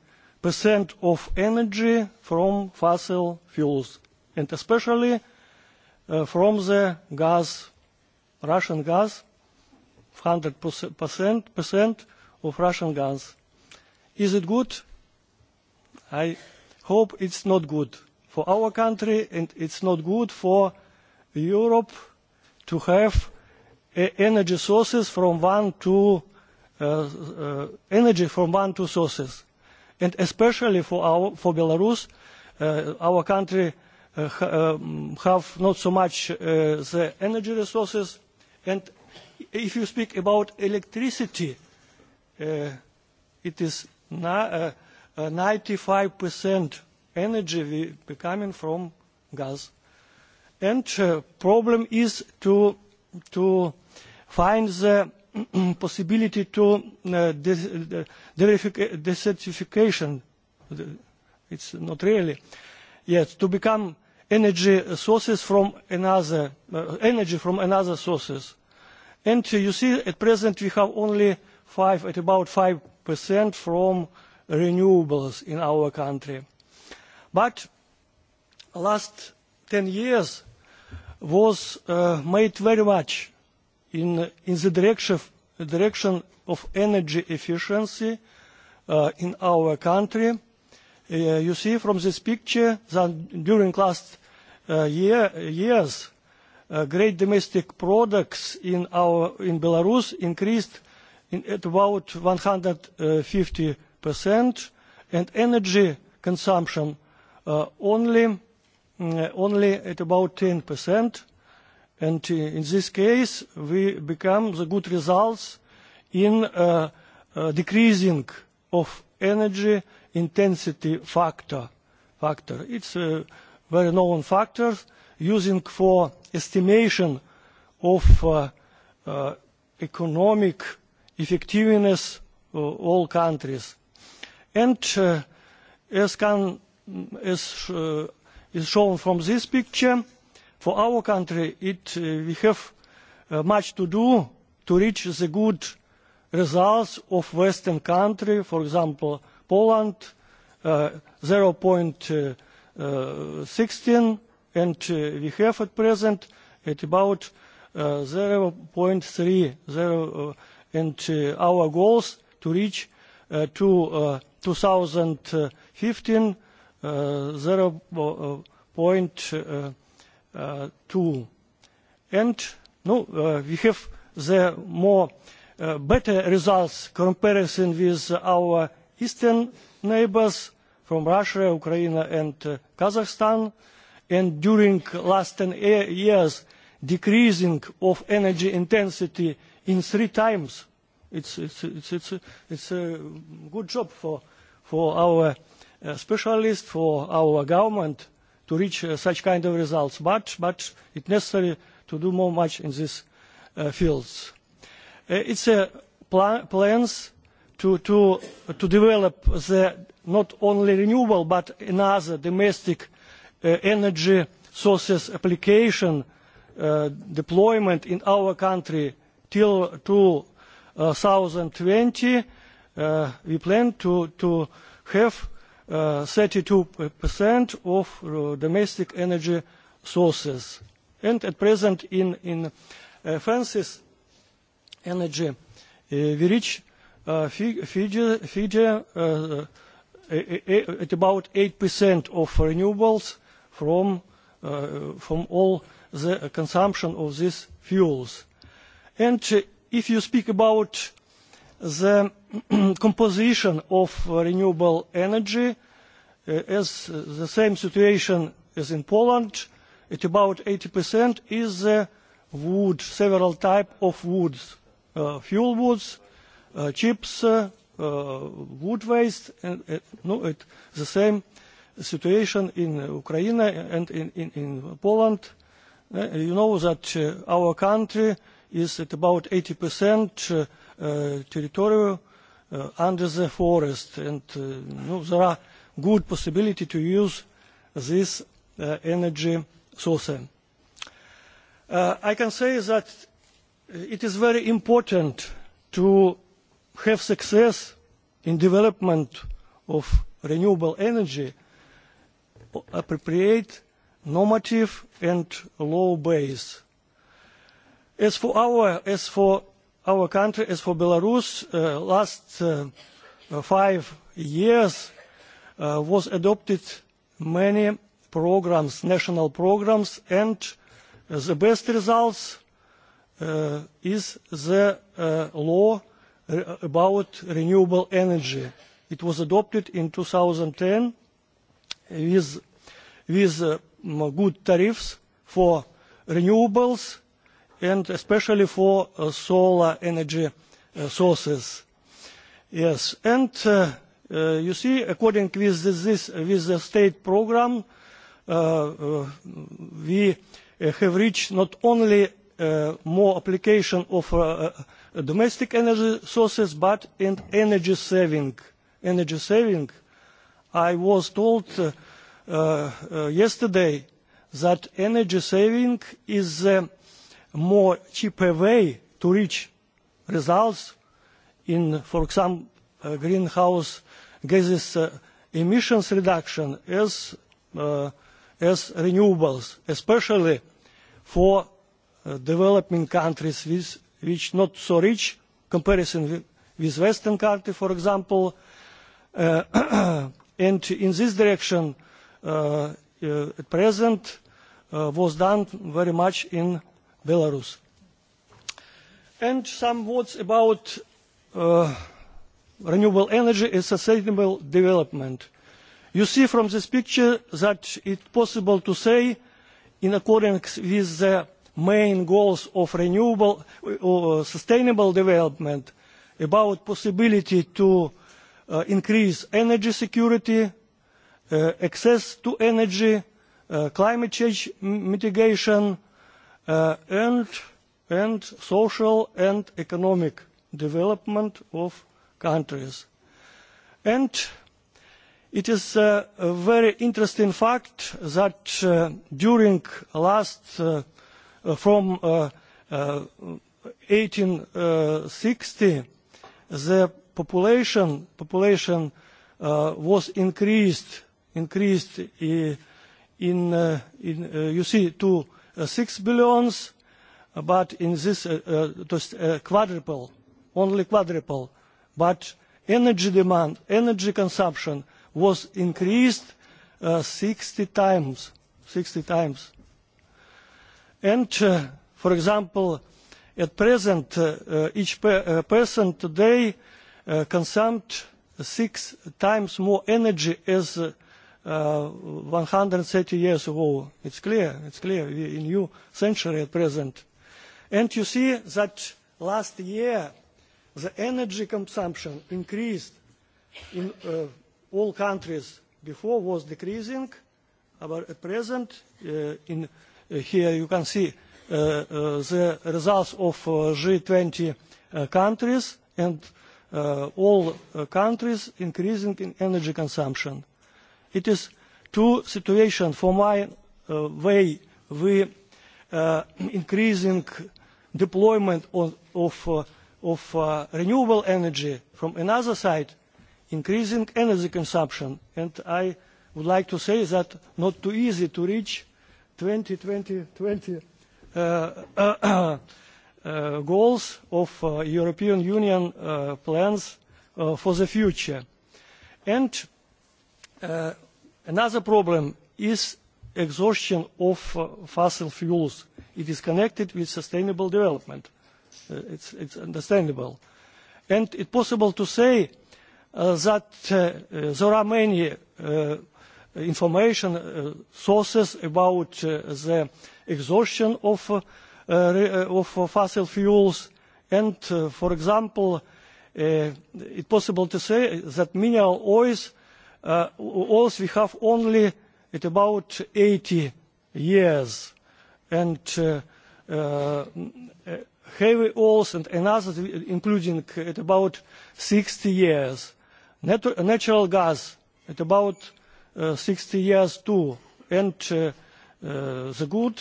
percent of energy from fossil fuels and especially uh, from the gas, Russian gas, 100% percent of Russian gas. Is it good? I hope it's not good for our country and it's not good for Europe to have uh, energy sources from one to uh, uh, energy from one to sources. And especially for, our, for Belarus, uh, our country uh, uh, have not so much uh, the energy resources. And if you speak about electricity, uh, it is na uh, 95% uh, energy coming from gas. And uh, problem is to, to find the possibility to uh, desertification. It's not really. Yes, to become energy sources from another uh, energy from another sources. And uh, you see, at present we have only five, at about five percent from renewables in our country. But last 10 years was uh, made very much in, in the direction, direction of energy efficiency uh, in our country. Uh, you see from this picture that during last uh, year, years, uh, great domestic products in, our, in Belarus increased in, at about 150%, and energy consumption uh, only, uh, only at about 10%. And uh, in this case, we become the good results in uh, uh, decreasing of energy intensity factor. factor. It's uh, very known factors using for estimation of uh, uh, economic effectiveness of uh, all countries. And uh, as, can, as uh, is shown from this picture, for our country, it, uh, we have uh, much to do to reach the good results of Western country, for example, Poland, uh, 0.2 uh, 16, and uh, we have at present at about uh, 0.3, 0, uh, and uh, our goals to reach uh, to uh, 2015 uh, 0.2. Uh, uh, uh and no, uh, we have the more uh, better results comparison with our eastern neighbors uh, from Russia, Ukraine and uh, Kazakhstan. And during last 10 eh, years, decreasing of energy intensity in three times. It's, it's, it's, it's, it's a good job for, for our uh, specialists, for our government to reach uh, such kind of results. But, but it's necessary to do more much in these uh, fields. Uh, it's a pl plans to, to, to develop the not only renewable but another domestic uh, energy sources application uh, deployment in our country till 2020. Uh, uh, we plan to, to have 32% uh, of uh, domestic energy sources. And at present in, in France's energy, we reach Uh, Fiji, Fiji uh, at uh, e, e, e, about 8% of renewables from, uh, from all the consumption of these fuels. And if you speak about the composition of renewable energy, uh, as the same situation as in Poland, at about 80% is uh, wood, several types of woods, uh, fuel woods, uh, chips, uh, uh, wood waste, and uh, no, it, the same situation in Ukraine and in, in, in Poland. Uh, you know that uh, our country is at about 80% uh, uh, territory uh, under the forest, and uh, you know, there are good possibility to use this uh, energy source. Uh, I can say that it is very important to have success in development of renewable energy appropriate normative and law base. As for our, as for our country, as for Belarus, uh, last uh, uh five years uh, was adopted many programs, national programs, and uh, the best results uh, is the uh, law about renewable energy. It was adopted in 2010 with, with uh, good tariffs for renewables and especially for uh, solar energy uh, sources. Yes, and uh, uh, you see, according with this, with the state program, uh, uh, we uh, have reached not only uh, more application of uh, uh, domestic energy sources, but in energy saving. Energy saving, I was told uh, uh, yesterday that energy saving is a more cheaper way to reach results in, for example, uh, greenhouse gases uh, emissions reduction as, uh, as renewables, especially for uh, developing countries with which not so rich comparison with, with Western country, for example. Uh, and in this direction, uh, uh, at present, uh, was done very much in Belarus. And some words about uh, renewable energy and sustainable development. You see from this picture that it's possible to say, in accordance with the main goals of renewable or uh, uh, sustainable development about possibility to uh, increase energy security, uh, access to energy, uh, climate change mitigation, uh, and, and social and economic development of countries. And it is uh, a very interesting fact that uh, during last uh, uh, from uh, uh, 1860, the population population uh, was increased increased uh, in uh, in uh, you see to uh, six billions, uh, but in this uh, uh, just, uh, quadruple, only quadruple, but energy demand, energy consumption was increased uh, 60 times, 60 times And, uh, for example, at present, uh, uh, each pe uh, person today uh, consumed six times more energy as uh, uh, 130 years ago. It's clear, it's clear, we're in new century at present. And you see that last year the energy consumption increased in uh, all countries before was decreasing, but at present uh, in uh, here you can see uh, uh, the results of uh, G20 uh, countries and uh, all uh, countries increasing in energy consumption. It is two situations for my uh, way we uh, increasing deployment of, of, uh, of uh, renewable energy from another side increasing energy consumption and I would like to say that not too easy to reach 20, 20, 20 uh, uh, goals of uh, European Union uh, plans uh, for the future. And uh, another problem is exhaustion of uh, fossil fuels. It is connected with sustainable development. Uh, it's, it's understandable. And it's possible to say uh, that uh, uh there are many uh, information uh, sources about uh, the exhaustion of, uh, uh of fossil fuels. And, uh, for example, uh, it's possible to say that mineral oils, uh, oils we have only at about 80 years. And uh, uh, heavy oils and another, including at about 60 years. Nat natural gas at about uh, э, 60 years too. And uh, uh, the good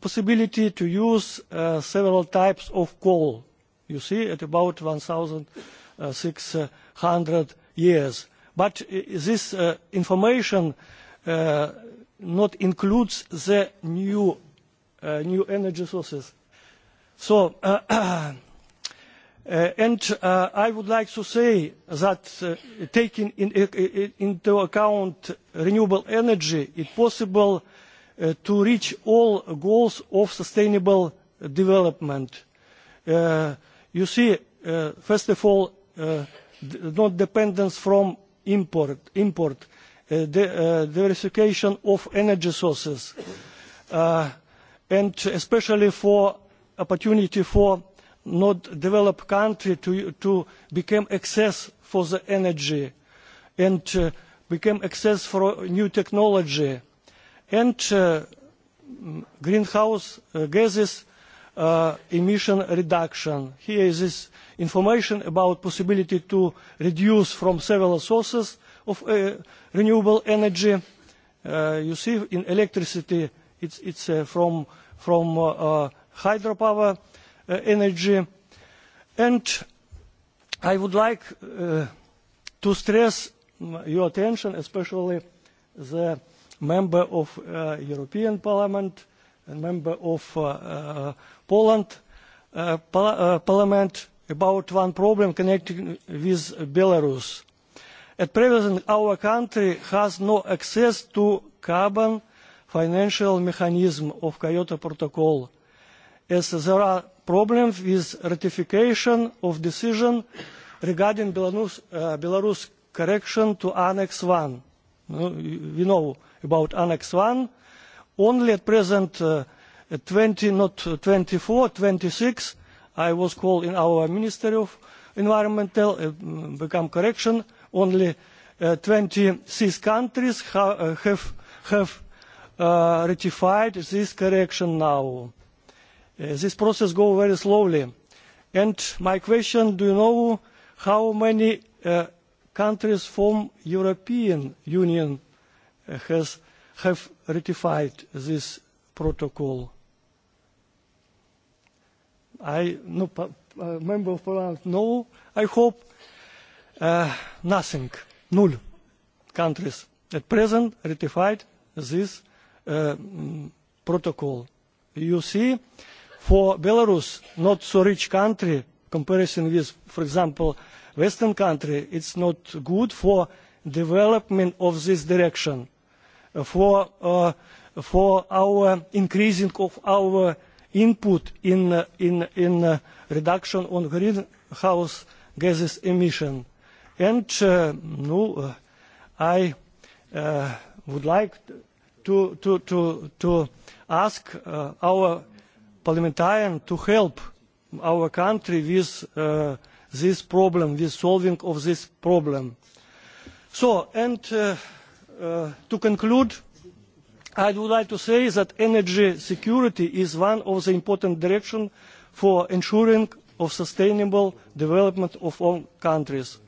possibility to use uh, several types of coal. You see, at about 1,600 uh, uh, years. But uh, this uh, information uh, not includes the new, uh, new energy sources. So, uh, Uh, and uh, I would like to say that uh, taking in, uh, into account renewable energy, it's possible uh, to reach all goals of sustainable development. Uh, you see, uh, first of all, uh, not dependence from import, import uh, the, uh, diversification of energy sources, uh, and especially for opportunity for not developed country to, to become access for the energy and uh, become access for new technology. And uh, greenhouse uh, gases uh, emission reduction. Here is information about possibility to reduce from several sources of uh, renewable energy. Uh, you see in electricity it's, it's uh, from, from uh, uh, hydropower. Uh, uh, energy. And I would like uh, to stress your attention, especially the member of uh, European Parliament and member of uh, uh, Poland uh, par uh, Parliament about one problem connected with Belarus. At present, our country has no access to carbon financial mechanism of Kyoto Protocol, as there are problem with ratification of decision regarding Belarus, uh, Belarus correction to Annex 1. No, we know about Annex 1. Only at present uh, 20, not 24, 26, I was called in our Ministry of Environmental, uh, become correction, only uh, 26 countries ha uh, have, have uh, ratified this correction now. Uh, Eh, this process goes very slowly. And my question, do you know how many uh, countries from European Union eh, has, have ratified this protocol? I no uh, member of parliament. No, I hope uh, nothing. Null countries at present ratified this uh, protocol. You see, for Belarus, not so rich country, comparison with, for example, Western country, it's not good for development of this direction, uh, for, uh, for our increasing of our input in, uh, in, in uh, reduction on greenhouse gases emission. And uh, no, uh, I uh, would like to, to, to, to ask uh, our parliamentarian to help our country with uh, this problem, with solving of this problem. So, and uh, uh, to conclude, I would like to say that energy security is one of the important directions for ensuring of sustainable development of all countries.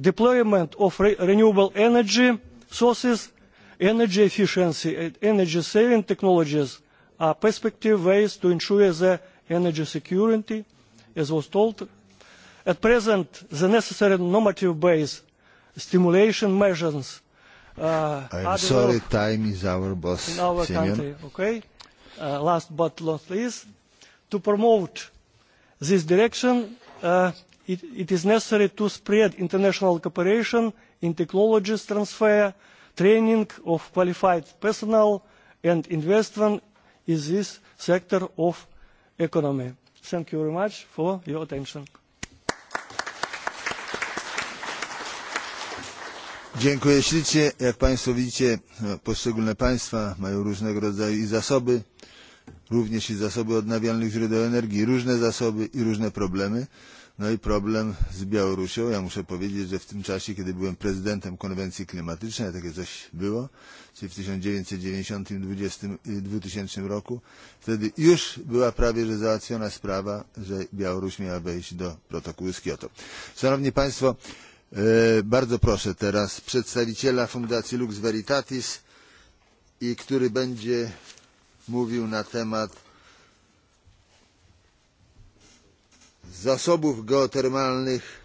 Deployment of re renewable energy sources, energy efficiency and energy saving technologies are perspective ways to ensure the energy security, as was told. At present, the necessary normative base stimulation measures uh, I'm are sorry, time is our boss. In our Simeon. country, okay. Uh, last but not least, to promote this direction, uh, it, it is necessary to spread international cooperation in technologies transfer, training of qualified personnel, and investment is this sector of economy. Thank you very much for your attention. Dziękuję ślicznie. Jak Państwo widzicie, e, poszczególne państwa mają różnego rodzaju i zasoby również i zasoby odnawialnych źródeł energii, różne zasoby i różne problemy. No i problem z Białorusią. Ja muszę powiedzieć, że w tym czasie, kiedy byłem prezydentem konwencji klimatycznej, a takie coś było, czyli w 1990 20, 2000 roku, wtedy już była prawie że załatwiona sprawa, że Białoruś miała wejść do protokołu z Kioto. Szanowni Państwo, e, bardzo proszę teraz przedstawiciela Fundacji Lux Veritatis, i który będzie mówił na temat zasobów geotermalnych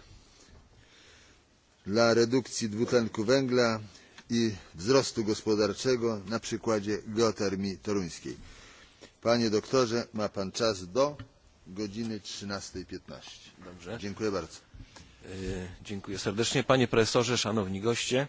dla redukcji dwutlenku węgla i wzrostu gospodarczego na przykładzie geotermii toruńskiej. Panie doktorze, ma pan czas do godziny 13.15. Dobrze. Dziękuję bardzo. E, dziękuję serdecznie. Panie profesorze, szanowni goście.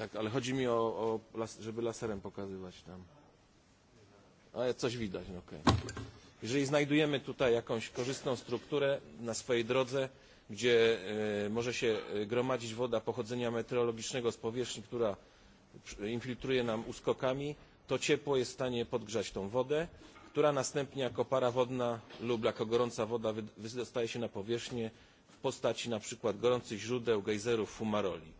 Tak, ale chodzi mi o, o las, żeby laserem pokazywać tam. Ale coś widać, no okej. Okay. Jeżeli znajdujemy tutaj jakąś korzystną strukturę na swojej drodze, gdzie y, e, może się e, gromadzić woda pochodzenia meteorologicznego z powierzchni, która infiltruje nam uskokami, to ciepło jest w stanie podgrzać tą wodę, która następnie jako para wodna lub jako gorąca woda wydostaje się na powierzchnię w postaci na przykład gorących źródeł, gejzerów, fumaroli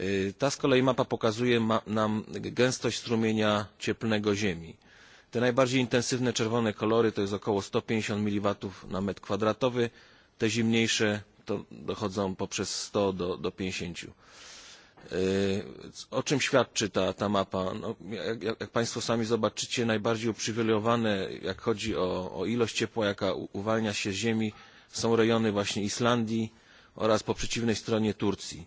E, ta z kolei mapa pokazuje ma nam gęstość strumienia cieplnego ziemi. te najbardziej intensywne czerwone kolory to jest około sto pięćdziesiąt mw na metr kwadratowy te zimniejsze to dochodzą poprzez sto do, do 50. E, o czym świadczy ta, ta mapa? No, jak, jak Państwo sami zobaczycie, najbardziej uprzywilejowane, jak chodzi o, o ilość ciepła, jaka uwalnia się z Ziemi, są rejony właśnie Islandii oraz po przeciwnej stronie Turcji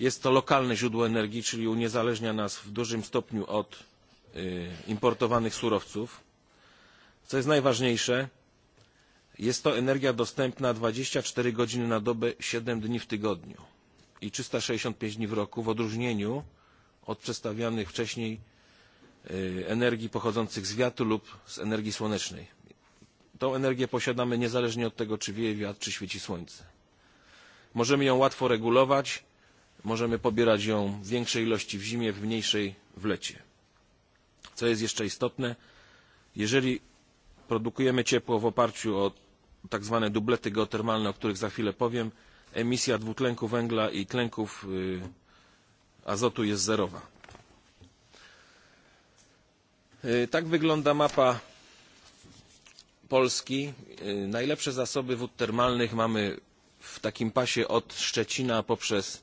Jest to lokalne źródło energii, czyli uniezależnia nas w dużym stopniu od importowanych surowców. Co jest najważniejsze, jest to energia dostępna 24 godziny na dobę, 7 dni w tygodniu i 365 dni w roku, w odróżnieniu od przedstawianych wcześniej energii pochodzących z wiatru lub z energii słonecznej. Tą energię posiadamy niezależnie od tego, czy wieje wiatr, czy świeci słońce. Możemy ją łatwo regulować, Możemy pobierać ją w większej ilości w zimie, w mniejszej w lecie. Co jest jeszcze istotne, jeżeli produkujemy ciepło w oparciu o tak zwane dublety geotermalne, o których za chwilę powiem, emisja dwutlenku węgla i tlenków y, azotu jest zerowa. Y, tak wygląda mapa Polski. Y, najlepsze zasoby wód termalnych mamy w takim pasie od Szczecina poprzez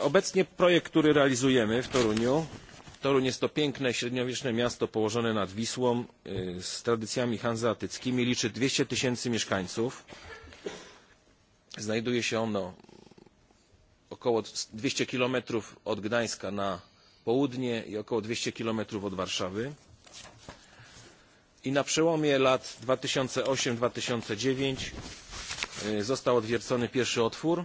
Obecnie projekt, który realizujemy w Toruniu, Toruń jest to piękne, średniowieczne miasto położone nad Wisłą z tradycjami hanzeatyckimi. Liczy 200 tysięcy mieszkańców. Znajduje się ono około 200 kilometrów od Gdańska na południe i około 200 kilometrów od Warszawy. I na przełomie lat 2008-2009 został odwiercony pierwszy otwór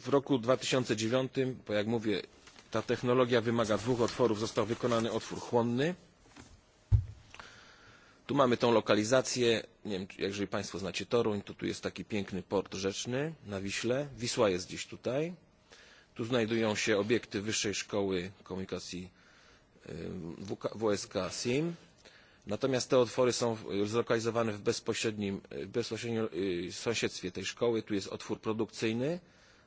w roku dwa tysiące dziewięć bo jak mówię ta technologia wymaga dwóch otworów został wykonany otwór chłonny tu mamy tą lokalizację nie wiem jeżeli państwo znacie toruń to tu jest taki piękny port rzeczny na wiśle wisła jest gdzieś tutaj tu znajdują się obiekty wyższej szkoły komunikacji wsk sim natomiast te otwory są zlokalizowane w bezpośrednim, e, w bezpośrednim sąsiedztwie tej szkoły tu jest otwór produkcyjny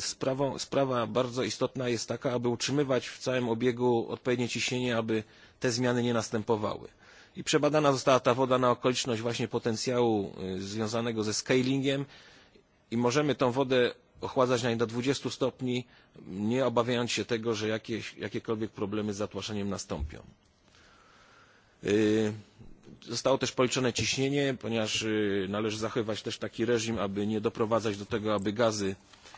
Sprawą, sprawa bardzo istotna jest taka, aby utrzymywać w całym obiegu odpowiednie ciśnienie, aby te zmiany nie następowały. I przebadana została ta woda na okoliczność właśnie potencjału związanego ze scalingiem i możemy tą wodę ochładzać na do 20 stopni, nie obawiając się tego, że jakieś, jakiekolwiek problemy z zatłaszczeniem nastąpią. Yy, zostało też policzone ciśnienie, ponieważ yy, należy zachowywać też taki reżim, aby nie doprowadzać do tego, aby gazy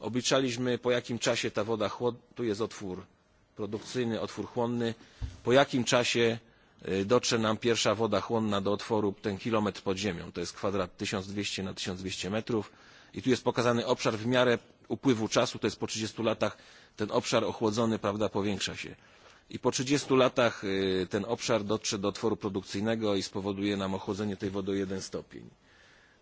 Obliczaliśmy po jakim czasie ta woda chłodnie, tu jest otwór produkcyjny, otwór chłonny, po jakim czasie dotrze nam pierwsza woda chłonna do otworu ten kilometr pod ziemią. To jest kwadrat 1200 na 1200 metrów i tu jest pokazany obszar w miarę upływu czasu, to jest po 30 latach ten obszar ochłodzony prawda, powiększa się. I po 30 latach ten obszar dotrze do otworu produkcyjnego i spowoduje nam ochłodzenie tej wody o 1 stopień.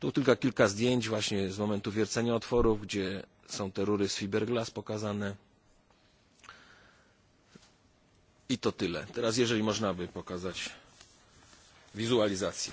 Tu tylko kilka zdjęć właśnie z momentu wiercenia otworów, gdzie są te rury z fiberglass pokazane. I to tyle. Teraz jeżeli można by pokazać wizualizację.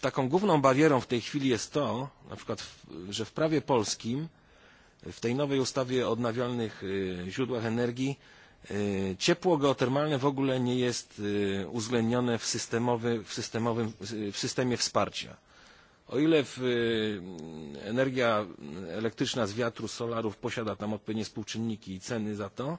taką główną barierą w tej chwili jest to, na przykład, że w prawie polskim, w tej nowej ustawie o odnawialnych źródłach energii, ciepło geotermalne w ogóle nie jest uwzględnione w, systemowy, w, systemowym, w systemie wsparcia. O ile w, energia elektryczna z wiatru, solarów posiada tam odpowiednie współczynniki i ceny za to,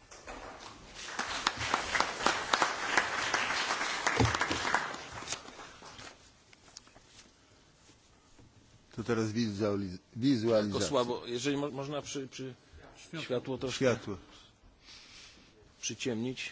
To teraz wizualiz wizualizacja. Tylko słabo, jeżeli mo można przy, przy światło. światło troszkę światło. przyciemnić.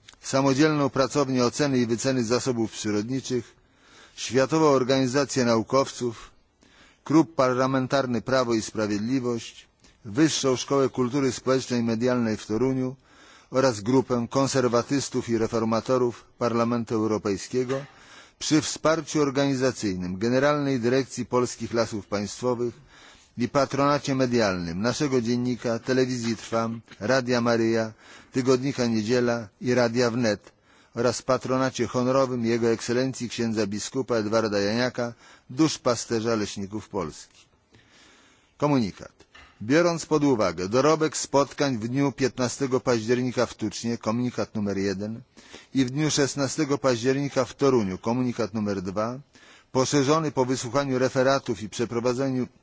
samodzielną pracownię oceny i wyceny zasobów przyrodniczych, Światową Organizację Naukowców, Klub Parlamentarny Prawo i Sprawiedliwość, Wyższą Szkołę Kultury Społecznej i Medialnej w Toruniu oraz grupę konserwatystów i reformatorów Parlamentu Europejskiego przy wsparciu organizacyjnym Generalnej Dyrekcji Polskich Lasów Państwowych i patronacie medialnym naszego dziennika Telewizji Trwam, Radia Maryja, Tygodnika Niedziela i Radia Wnet oraz patronacie honorowym Jego Ekscelencji księdza biskupa Edwarda Janiaka, duszpasterza leśników Polski. Komunikat. Biorąc pod uwagę dorobek spotkań w dniu 15 października w Tucznie, komunikat numer 1, i w dniu 16 października w Toruniu, komunikat numer 2, poszerzony po wysłuchaniu referatów i przeprowadzeniu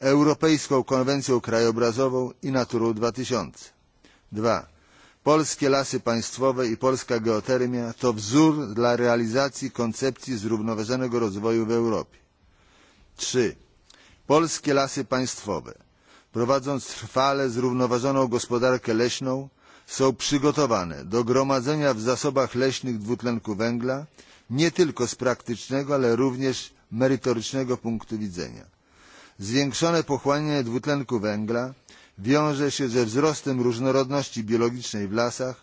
Europejską Konwencją Krajobrazową i Naturą 2000. 2. Polskie lasy państwowe i polska geotermia to wzór dla realizacji koncepcji zrównoważonego rozwoju w Europie. 3. Polskie lasy państwowe, prowadząc trwale zrównoważoną gospodarkę leśną, są przygotowane do gromadzenia w zasobach leśnych dwutlenku węgla nie tylko z praktycznego, ale również merytorycznego punktu widzenia Zwiększone pochłanianie dwutlenku węgla wiąże się ze wzrostem różnorodności biologicznej w lasach,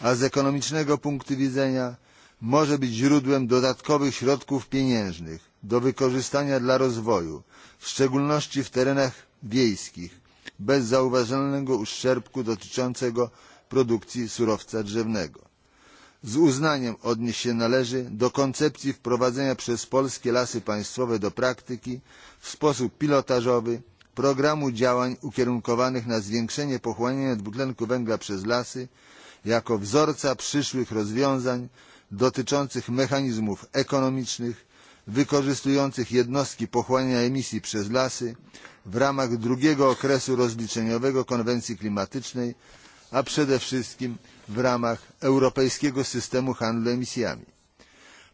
a z ekonomicznego punktu widzenia może być źródłem dodatkowych środków pieniężnych do wykorzystania dla rozwoju, w szczególności w terenach wiejskich, bez zauważalnego uszczerbku dotyczącego produkcji surowca drzewnego z uznaniem odnieść się należy do koncepcji wprowadzenia przez polskie lasy państwowe do praktyki w sposób pilotażowy programu działań ukierunkowanych na zwiększenie pochłaniania dwutlenku węgla przez lasy jako wzorca przyszłych rozwiązań dotyczących mechanizmów ekonomicznych wykorzystujących jednostki pochłaniania emisji przez lasy w ramach drugiego okresu rozliczeniowego konwencji klimatycznej a przede wszystkim w ramach europejskiego systemu handlu emisjami.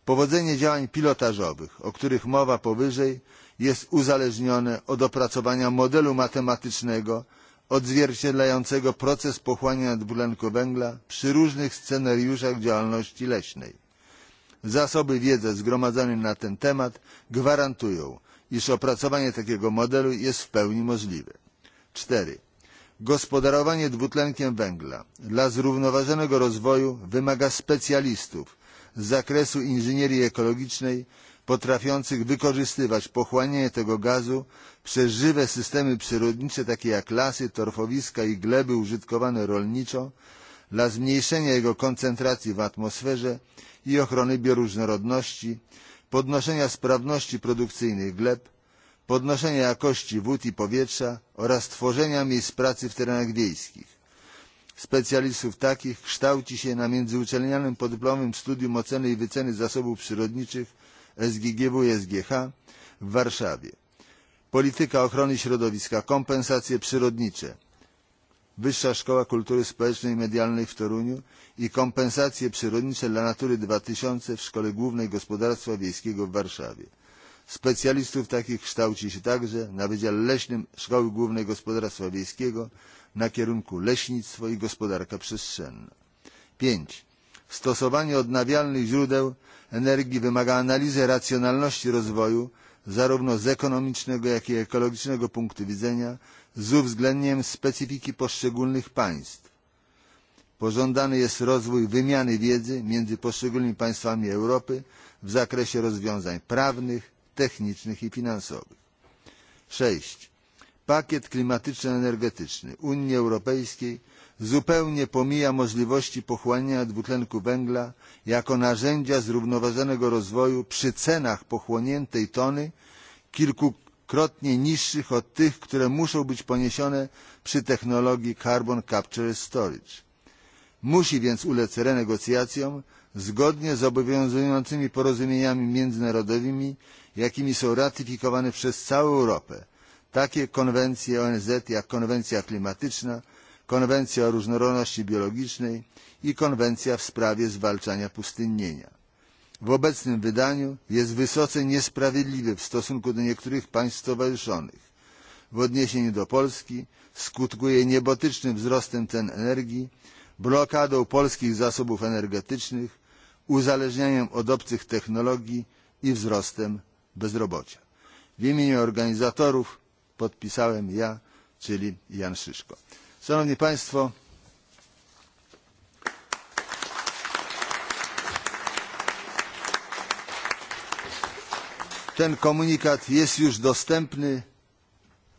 Powodzenie działań pilotażowych, o których mowa powyżej, jest uzależnione od opracowania modelu matematycznego odzwierciedlającego proces pochłaniania dwutlenku węgla przy różnych scenariuszach działalności leśnej. Zasoby wiedzy zgromadzonej na ten temat gwarantują, iż opracowanie takiego modelu jest w pełni możliwe. 4. Gospodarowanie dwutlenkiem węgla dla zrównoważonego rozwoju wymaga specjalistów z zakresu inżynierii ekologicznej potrafiących wykorzystywać pochłanianie tego gazu przez żywe systemy przyrodnicze takie jak lasy, torfowiska i gleby użytkowane rolniczo dla zmniejszenia jego koncentracji w atmosferze i ochrony bioróżnorodności, podnoszenia sprawności produkcyjnej gleb, podnoszenia jakości wód i powietrza oraz tworzenia miejsc pracy w terenach wiejskich. specjalistów takich kształci się na międzyuczelnianym podyplomowym studium oceny i wyceny zasobów przyrodniczych sggw sgh w warszawie. polityka ochrony środowiska kompensacje przyrodnicze wyższa szkoła kultury społecznej i medialnej w toruniu i kompensacje przyrodnicze dla natury dwa tysiące w szkole głównej gospodarstwa wiejskiego w warszawie. Specjalistów takich kształci się także na Wydziale Leśnym Szkoły Głównej Gospodarstwa Wiejskiego na kierunku leśnictwo i gospodarka przestrzenna. 5. Stosowanie odnawialnych źródeł energii wymaga analizy racjonalności rozwoju zarówno z ekonomicznego, jak i ekologicznego punktu widzenia z uwzględnieniem specyfiki poszczególnych państw. Pożądany jest rozwój wymiany wiedzy między poszczególnymi państwami Europy w zakresie rozwiązań prawnych, technicznych i finansowych. sześć pakiet klimatyczno energetyczny unii europejskiej zupełnie pomija możliwości pochłaniania dwutlenku węgla jako narzędzia zrównoważonego rozwoju przy cenach pochłoniętej tony kilkukrotnie niższych od tych które muszą być poniesione przy technologii carbon capture and storage. musi więc ulec renegocjacjom zgodnie z obowiązującymi porozumieniami międzynarodowymi jakimi są ratyfikowane przez całą Europę takie konwencje ONZ jak konwencja klimatyczna, konwencja o różnorodności biologicznej i konwencja w sprawie zwalczania pustynnienia. W obecnym wydaniu jest wysoce niesprawiedliwy w stosunku do niektórych państw stowarzyszonych. W odniesieniu do Polski skutkuje niebotycznym wzrostem cen energii, blokadą polskich zasobów energetycznych, uzależnieniem od obcych technologii i wzrostem bezrobocia. W imieniu organizatorów podpisałem ja, czyli Jan Szyszko. Szanowni Państwo, ten komunikat jest już dostępny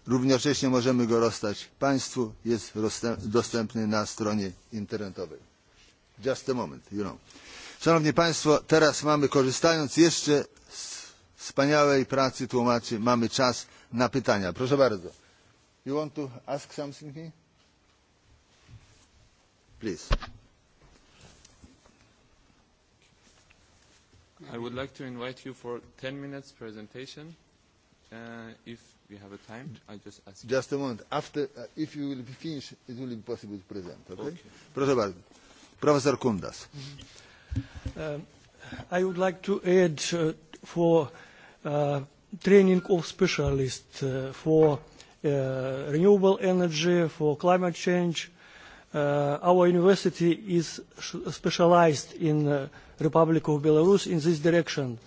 równocześnie możemy go rozstać państwu jest dostępny na stronie internetowej. just a moment you know. szanowni państwo teraz mamy korzystając jeszcze wspaniałej pracy tłumaczy. Mamy czas na pytania. Proszę bardzo. You want to ask something here? Please. I would like to invite you for 10 minutes presentation. Uh, if we have a time, I just ask you. Just a moment. After, uh, if you will be finished, it will be possible to present. Okay? okay. Proszę bardzo. Professor Kundas. Mm -hmm. uh, I would like to add uh, for uh, uh, training of specialists uh, for uh, renewable energy, for climate change. Uh, our university is specialized in uh, Republic of Belarus in this direction.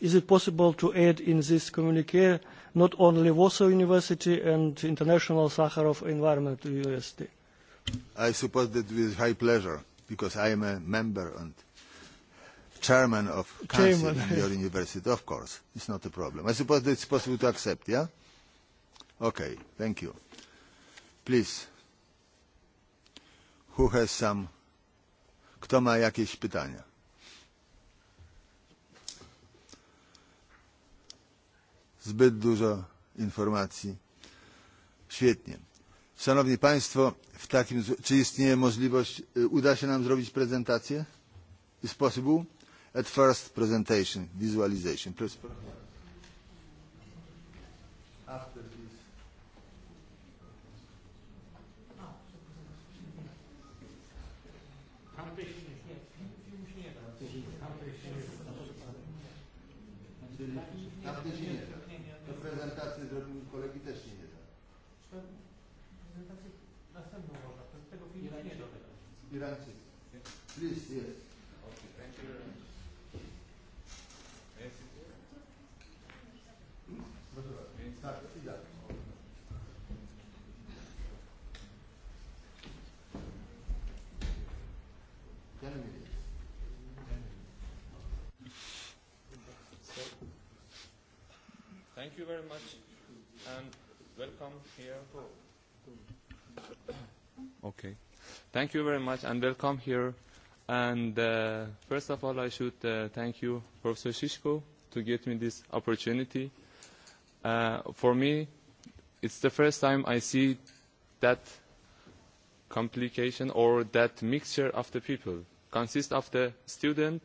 Is it possible to add in this communique not only Warsaw University and International Sakharov Environment University? I suppose that with high pleasure, because I am a member and chairman of council chairman, in your yeah. university, of course. It's not a problem. I suppose it's possible to accept, yeah? Okay, thank you. Please, who has some, kto ma jakieś pytania? Zbyt dużo informacji. Świetnie. Szanowni Państwo, w takim, czy istnieje możliwość, uda się nam zrobić prezentację? Is possible? at first presentation, visualization. Please. you very much and welcome here. Okay. Thank you very much and welcome here. And uh, first of all, I should uh, thank you, Professor Shishko, to give me this opportunity. Uh, for me, it's the first time I see that complication or that mixture of the people consists of the student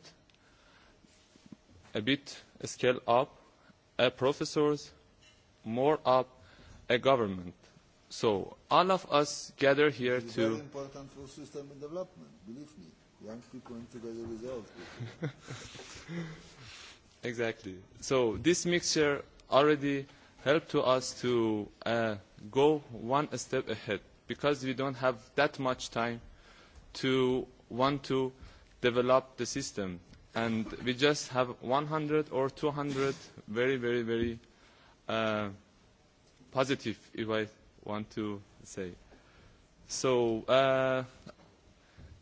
a bit scaled up Uh, professors, more up a government. So all of us gather here it is to... very important for system development, believe me. Young people and together with old people. exactly. So this mixture already helped to us to uh, go one step ahead because we don't have that much time to want to develop the system and we just have 100 or 200 very, very, very uh, positive, if I want to say. So uh,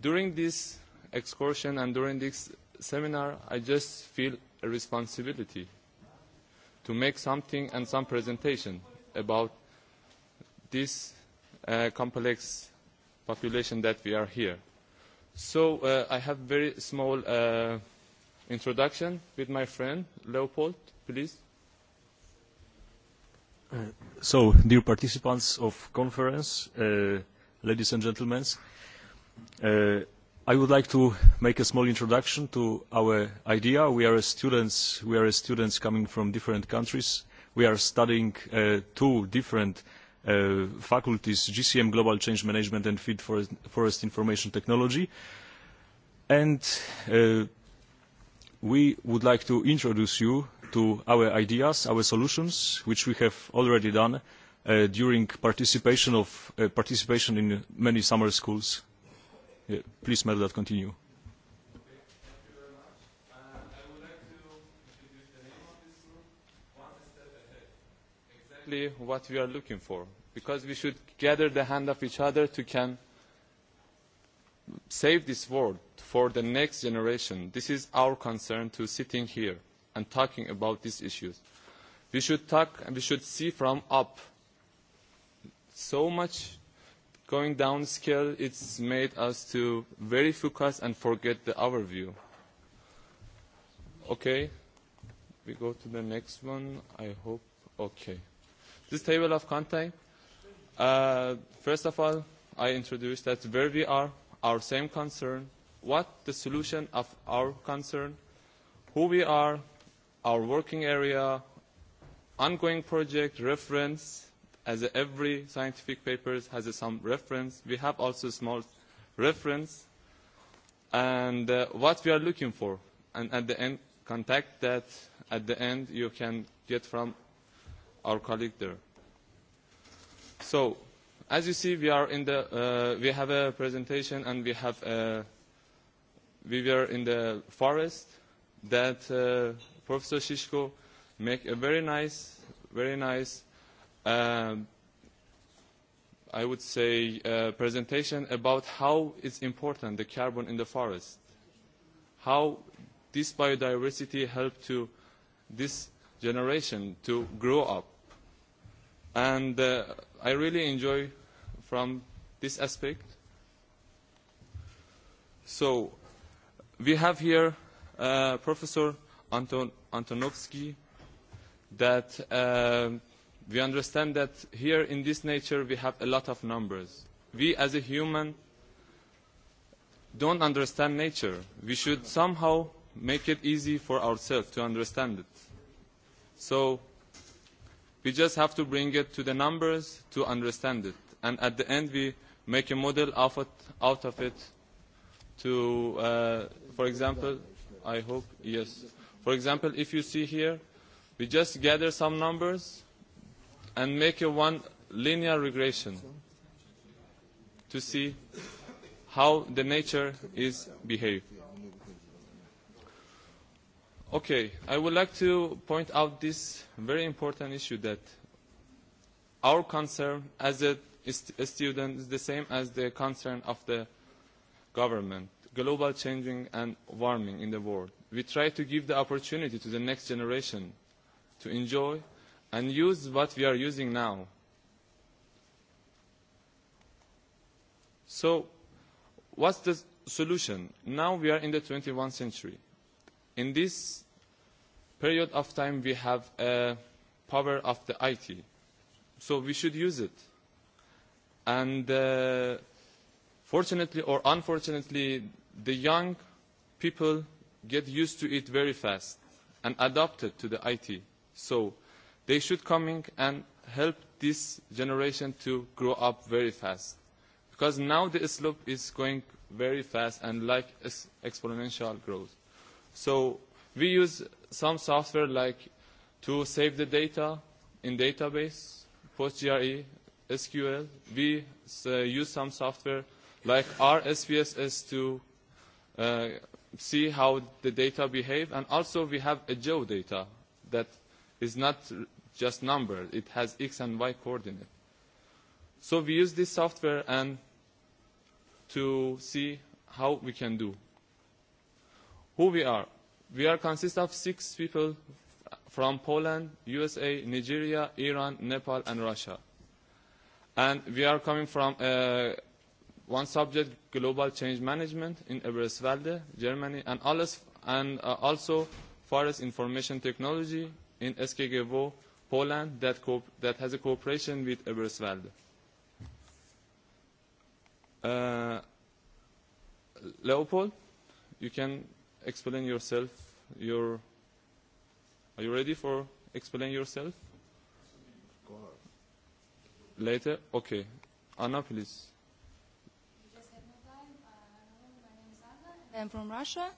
during this excursion and during this seminar, I just feel a responsibility to make something and some presentation about this uh, complex population that we are here. So uh, I have very small uh, introduction with my friend Leopold, please. Uh, so, dear participants of conference, uh, ladies and gentlemen, uh, I would like to make a small introduction to our idea. We are students. We are students coming from different countries. We are studying uh, two different uh, faculties: GCM Global Change Management and Feed Forest, Forest Information Technology. And uh, we would like to introduce you to our ideas, our solutions, which we have already done uh, during participation, of, uh, participation in many summer schools. Yeah, uh, please, Medlat, continue. what we are looking for because we should gather the hand of each other to can save this world for the next generation. This is our concern to sitting here and talking about these issues. We should talk and we should see from up. So much going down scale, it's made us to very focus and forget the overview. Okay, we go to the next one. I hope, okay. This table of content, uh, first of all, I introduced that where we are, our same concern, what the solution of our concern, who we are, our working area, ongoing project, reference, as every scientific paper has some reference. We have also small reference. And uh, what we are looking for. And at the end, contact that at the end you can get from our colleague there. So As you see, we are in the, uh, we have a presentation and we have, a, we were in the forest that uh, Professor Shishko make a very nice, very nice, uh, I would say, uh, presentation about how it's important the carbon in the forest, how this biodiversity helped to this generation to grow up. And uh, I really enjoy from this aspect? So we have here uh, Professor Anton Antonovsky that uh, we understand that here in this nature we have a lot of numbers. We as a human don't understand nature. We should somehow make it easy for ourselves to understand it. So we just have to bring it to the numbers to understand it and at the end we make a model of it, out of it to, uh, for example, I hope, yes. For example, if you see here, we just gather some numbers and make a one linear regression to see how the nature is behaved. Okay, I would like to point out this very important issue that our concern as a students the same as the concern of the government, global changing and warming in the world. We try to give the opportunity to the next generation to enjoy and use what we are using now. So what's the solution? Now we are in the 21st century. In this period of time, we have a uh, power of the IT. So we should use it And uh, fortunately or unfortunately, the young people get used to it very fast and adapted to the IT. So they should come in and help this generation to grow up very fast. Because now the slope is going very fast and like exponential growth. So we use some software like to save the data in database, PostGRE, SQL. We uh, use some software like R SPSS to uh, see how the data behave. And also we have a geodata that is not just number. It has X and Y coordinate. So we use this software and to see how we can do. Who we are? We are consist of six people from Poland, USA, Nigeria, Iran, Nepal, and Russia And we are coming from uh, one subject, global change management in Eberswalde, Germany, and, alles, and uh, also forest information technology in SKGVO, Poland, that, co that has a cooperation with Eberswalde. Uh, Leopold, you can explain yourself. Your, are you ready for explain yourself? later? Okay. Anna, please. I'm from Russia,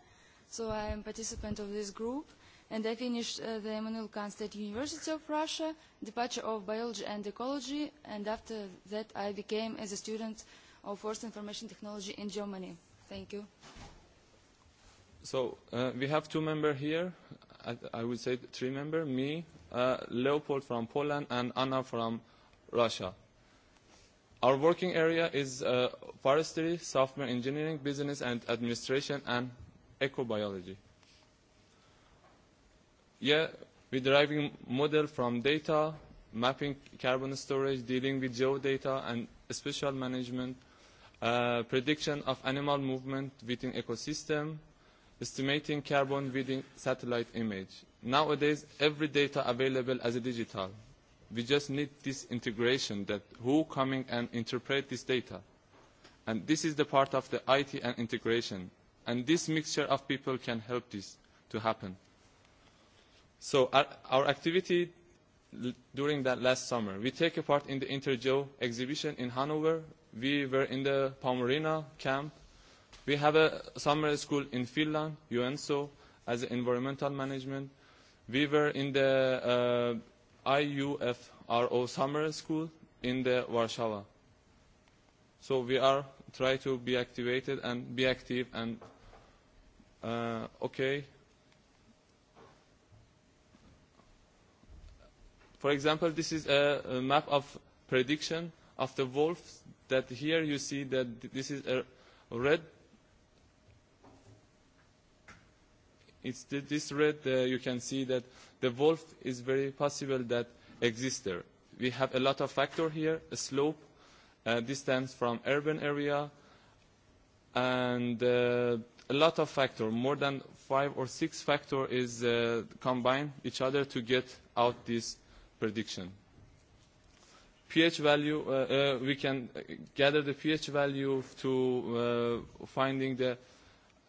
so I am participant of this group, and I finished uh, the Emmanuel Kant State University of Russia, departure of biology and ecology, and after that I became as a student of forced information technology in Germany. Thank you. So uh, we have two members here. I, I would say three members, me, uh, Leopold from Poland, and Anna from uh, Russia. Our working area is uh, forestry, software engineering, business and administration, and ecobiology. Yeah, we're deriving model from data, mapping carbon storage, dealing with geodata and spatial management, uh, prediction of animal movement within ecosystem, estimating carbon within satellite image. Nowadays, every data available as a digital we just need this integration that who coming and interpret this data. And this is the part of the IT and integration. And this mixture of people can help this to happen. So our, our activity during that last summer, we take a part in the Intergeo exhibition in Hanover. We were in the Palmerina camp. We have a summer school in Finland, UNSO, as environmental management. We were in the uh, IUFRO summer school in the Warsaw. So we are try to be activated and be active and uh, okay. For example, this is a, a map of prediction of the wolves that here you see that this is a red It's the, this red, uh, you can see that the wolf is very possible that exists there. We have a lot of factor here, a slope, uh, distance from urban area, and uh, a lot of factor, more than five or six factor is uh, combined each other to get out this prediction. pH value, uh, uh, we can uh, gather the pH value to uh, finding the uh,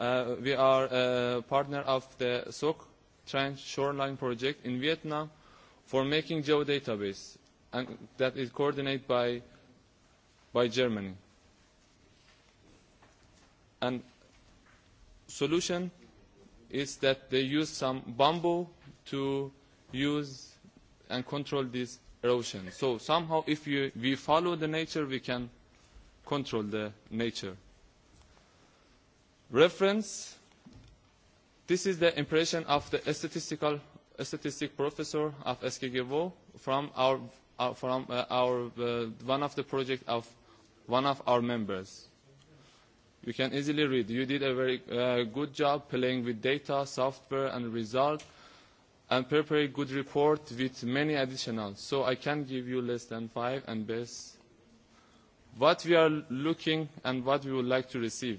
Uh, we are a uh, partner of the Sok Trench Shoreline Project in Vietnam for making geodatabase, and that is coordinated by, by Germany. And solution is that they use some bamboo to use and control this erosion. So somehow if you, we follow the nature, we can control the nature. Reference. This is the impression of the statistical statistic professor of SKGVO from our uh, from uh, our uh, one of the project of one of our members. You can easily read. You did a very uh, good job playing with data, software, and result, and prepare a good report with many additional. So I can give you less than five and best. What we are looking and what we would like to receive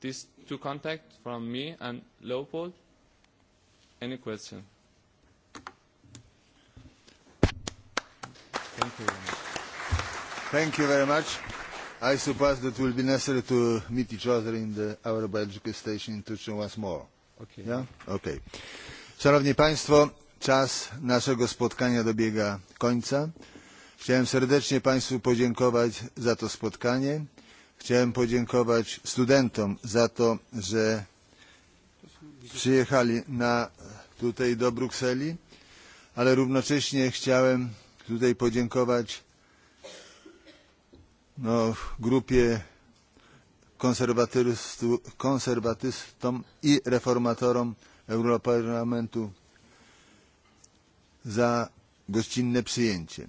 these two contacts from me and Leopold. Any question? Thank you very much. Thank you very much. I suppose that will be necessary to meet each other in the, our biological station in Tucson once more. Okay. Yeah? Okay. Szanowni Państwo, czas naszego spotkania dobiega końca. Chciałem serdecznie Państwu podziękować za to spotkanie Chciałem podziękować studentom za to, że przyjechali na, tutaj do Brukseli, ale równocześnie chciałem tutaj podziękować no, grupie konserwatystom i reformatorom Europarlamentu za gościnne przyjęcie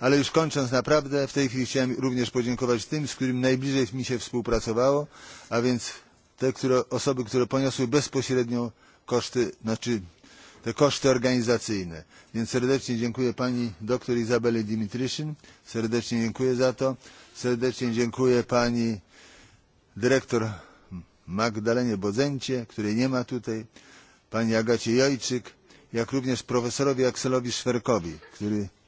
ale już kończąc naprawdę w tej chwili chciałem również podziękować tym z którymi najbliżej mi się współpracowało a więc te które, osoby które poniosły bezpośrednio koszty znaczy te koszty organizacyjne. Więc serdecznie dziękuję pani dr Izabeli Dimitryszyn, serdecznie dziękuję za to, serdecznie dziękuję pani dyrektor Magdalenie Bodzęcie, której nie ma tutaj, pani Agacie Jojczyk, jak również profesorowi Akselowi Szwerkowi, który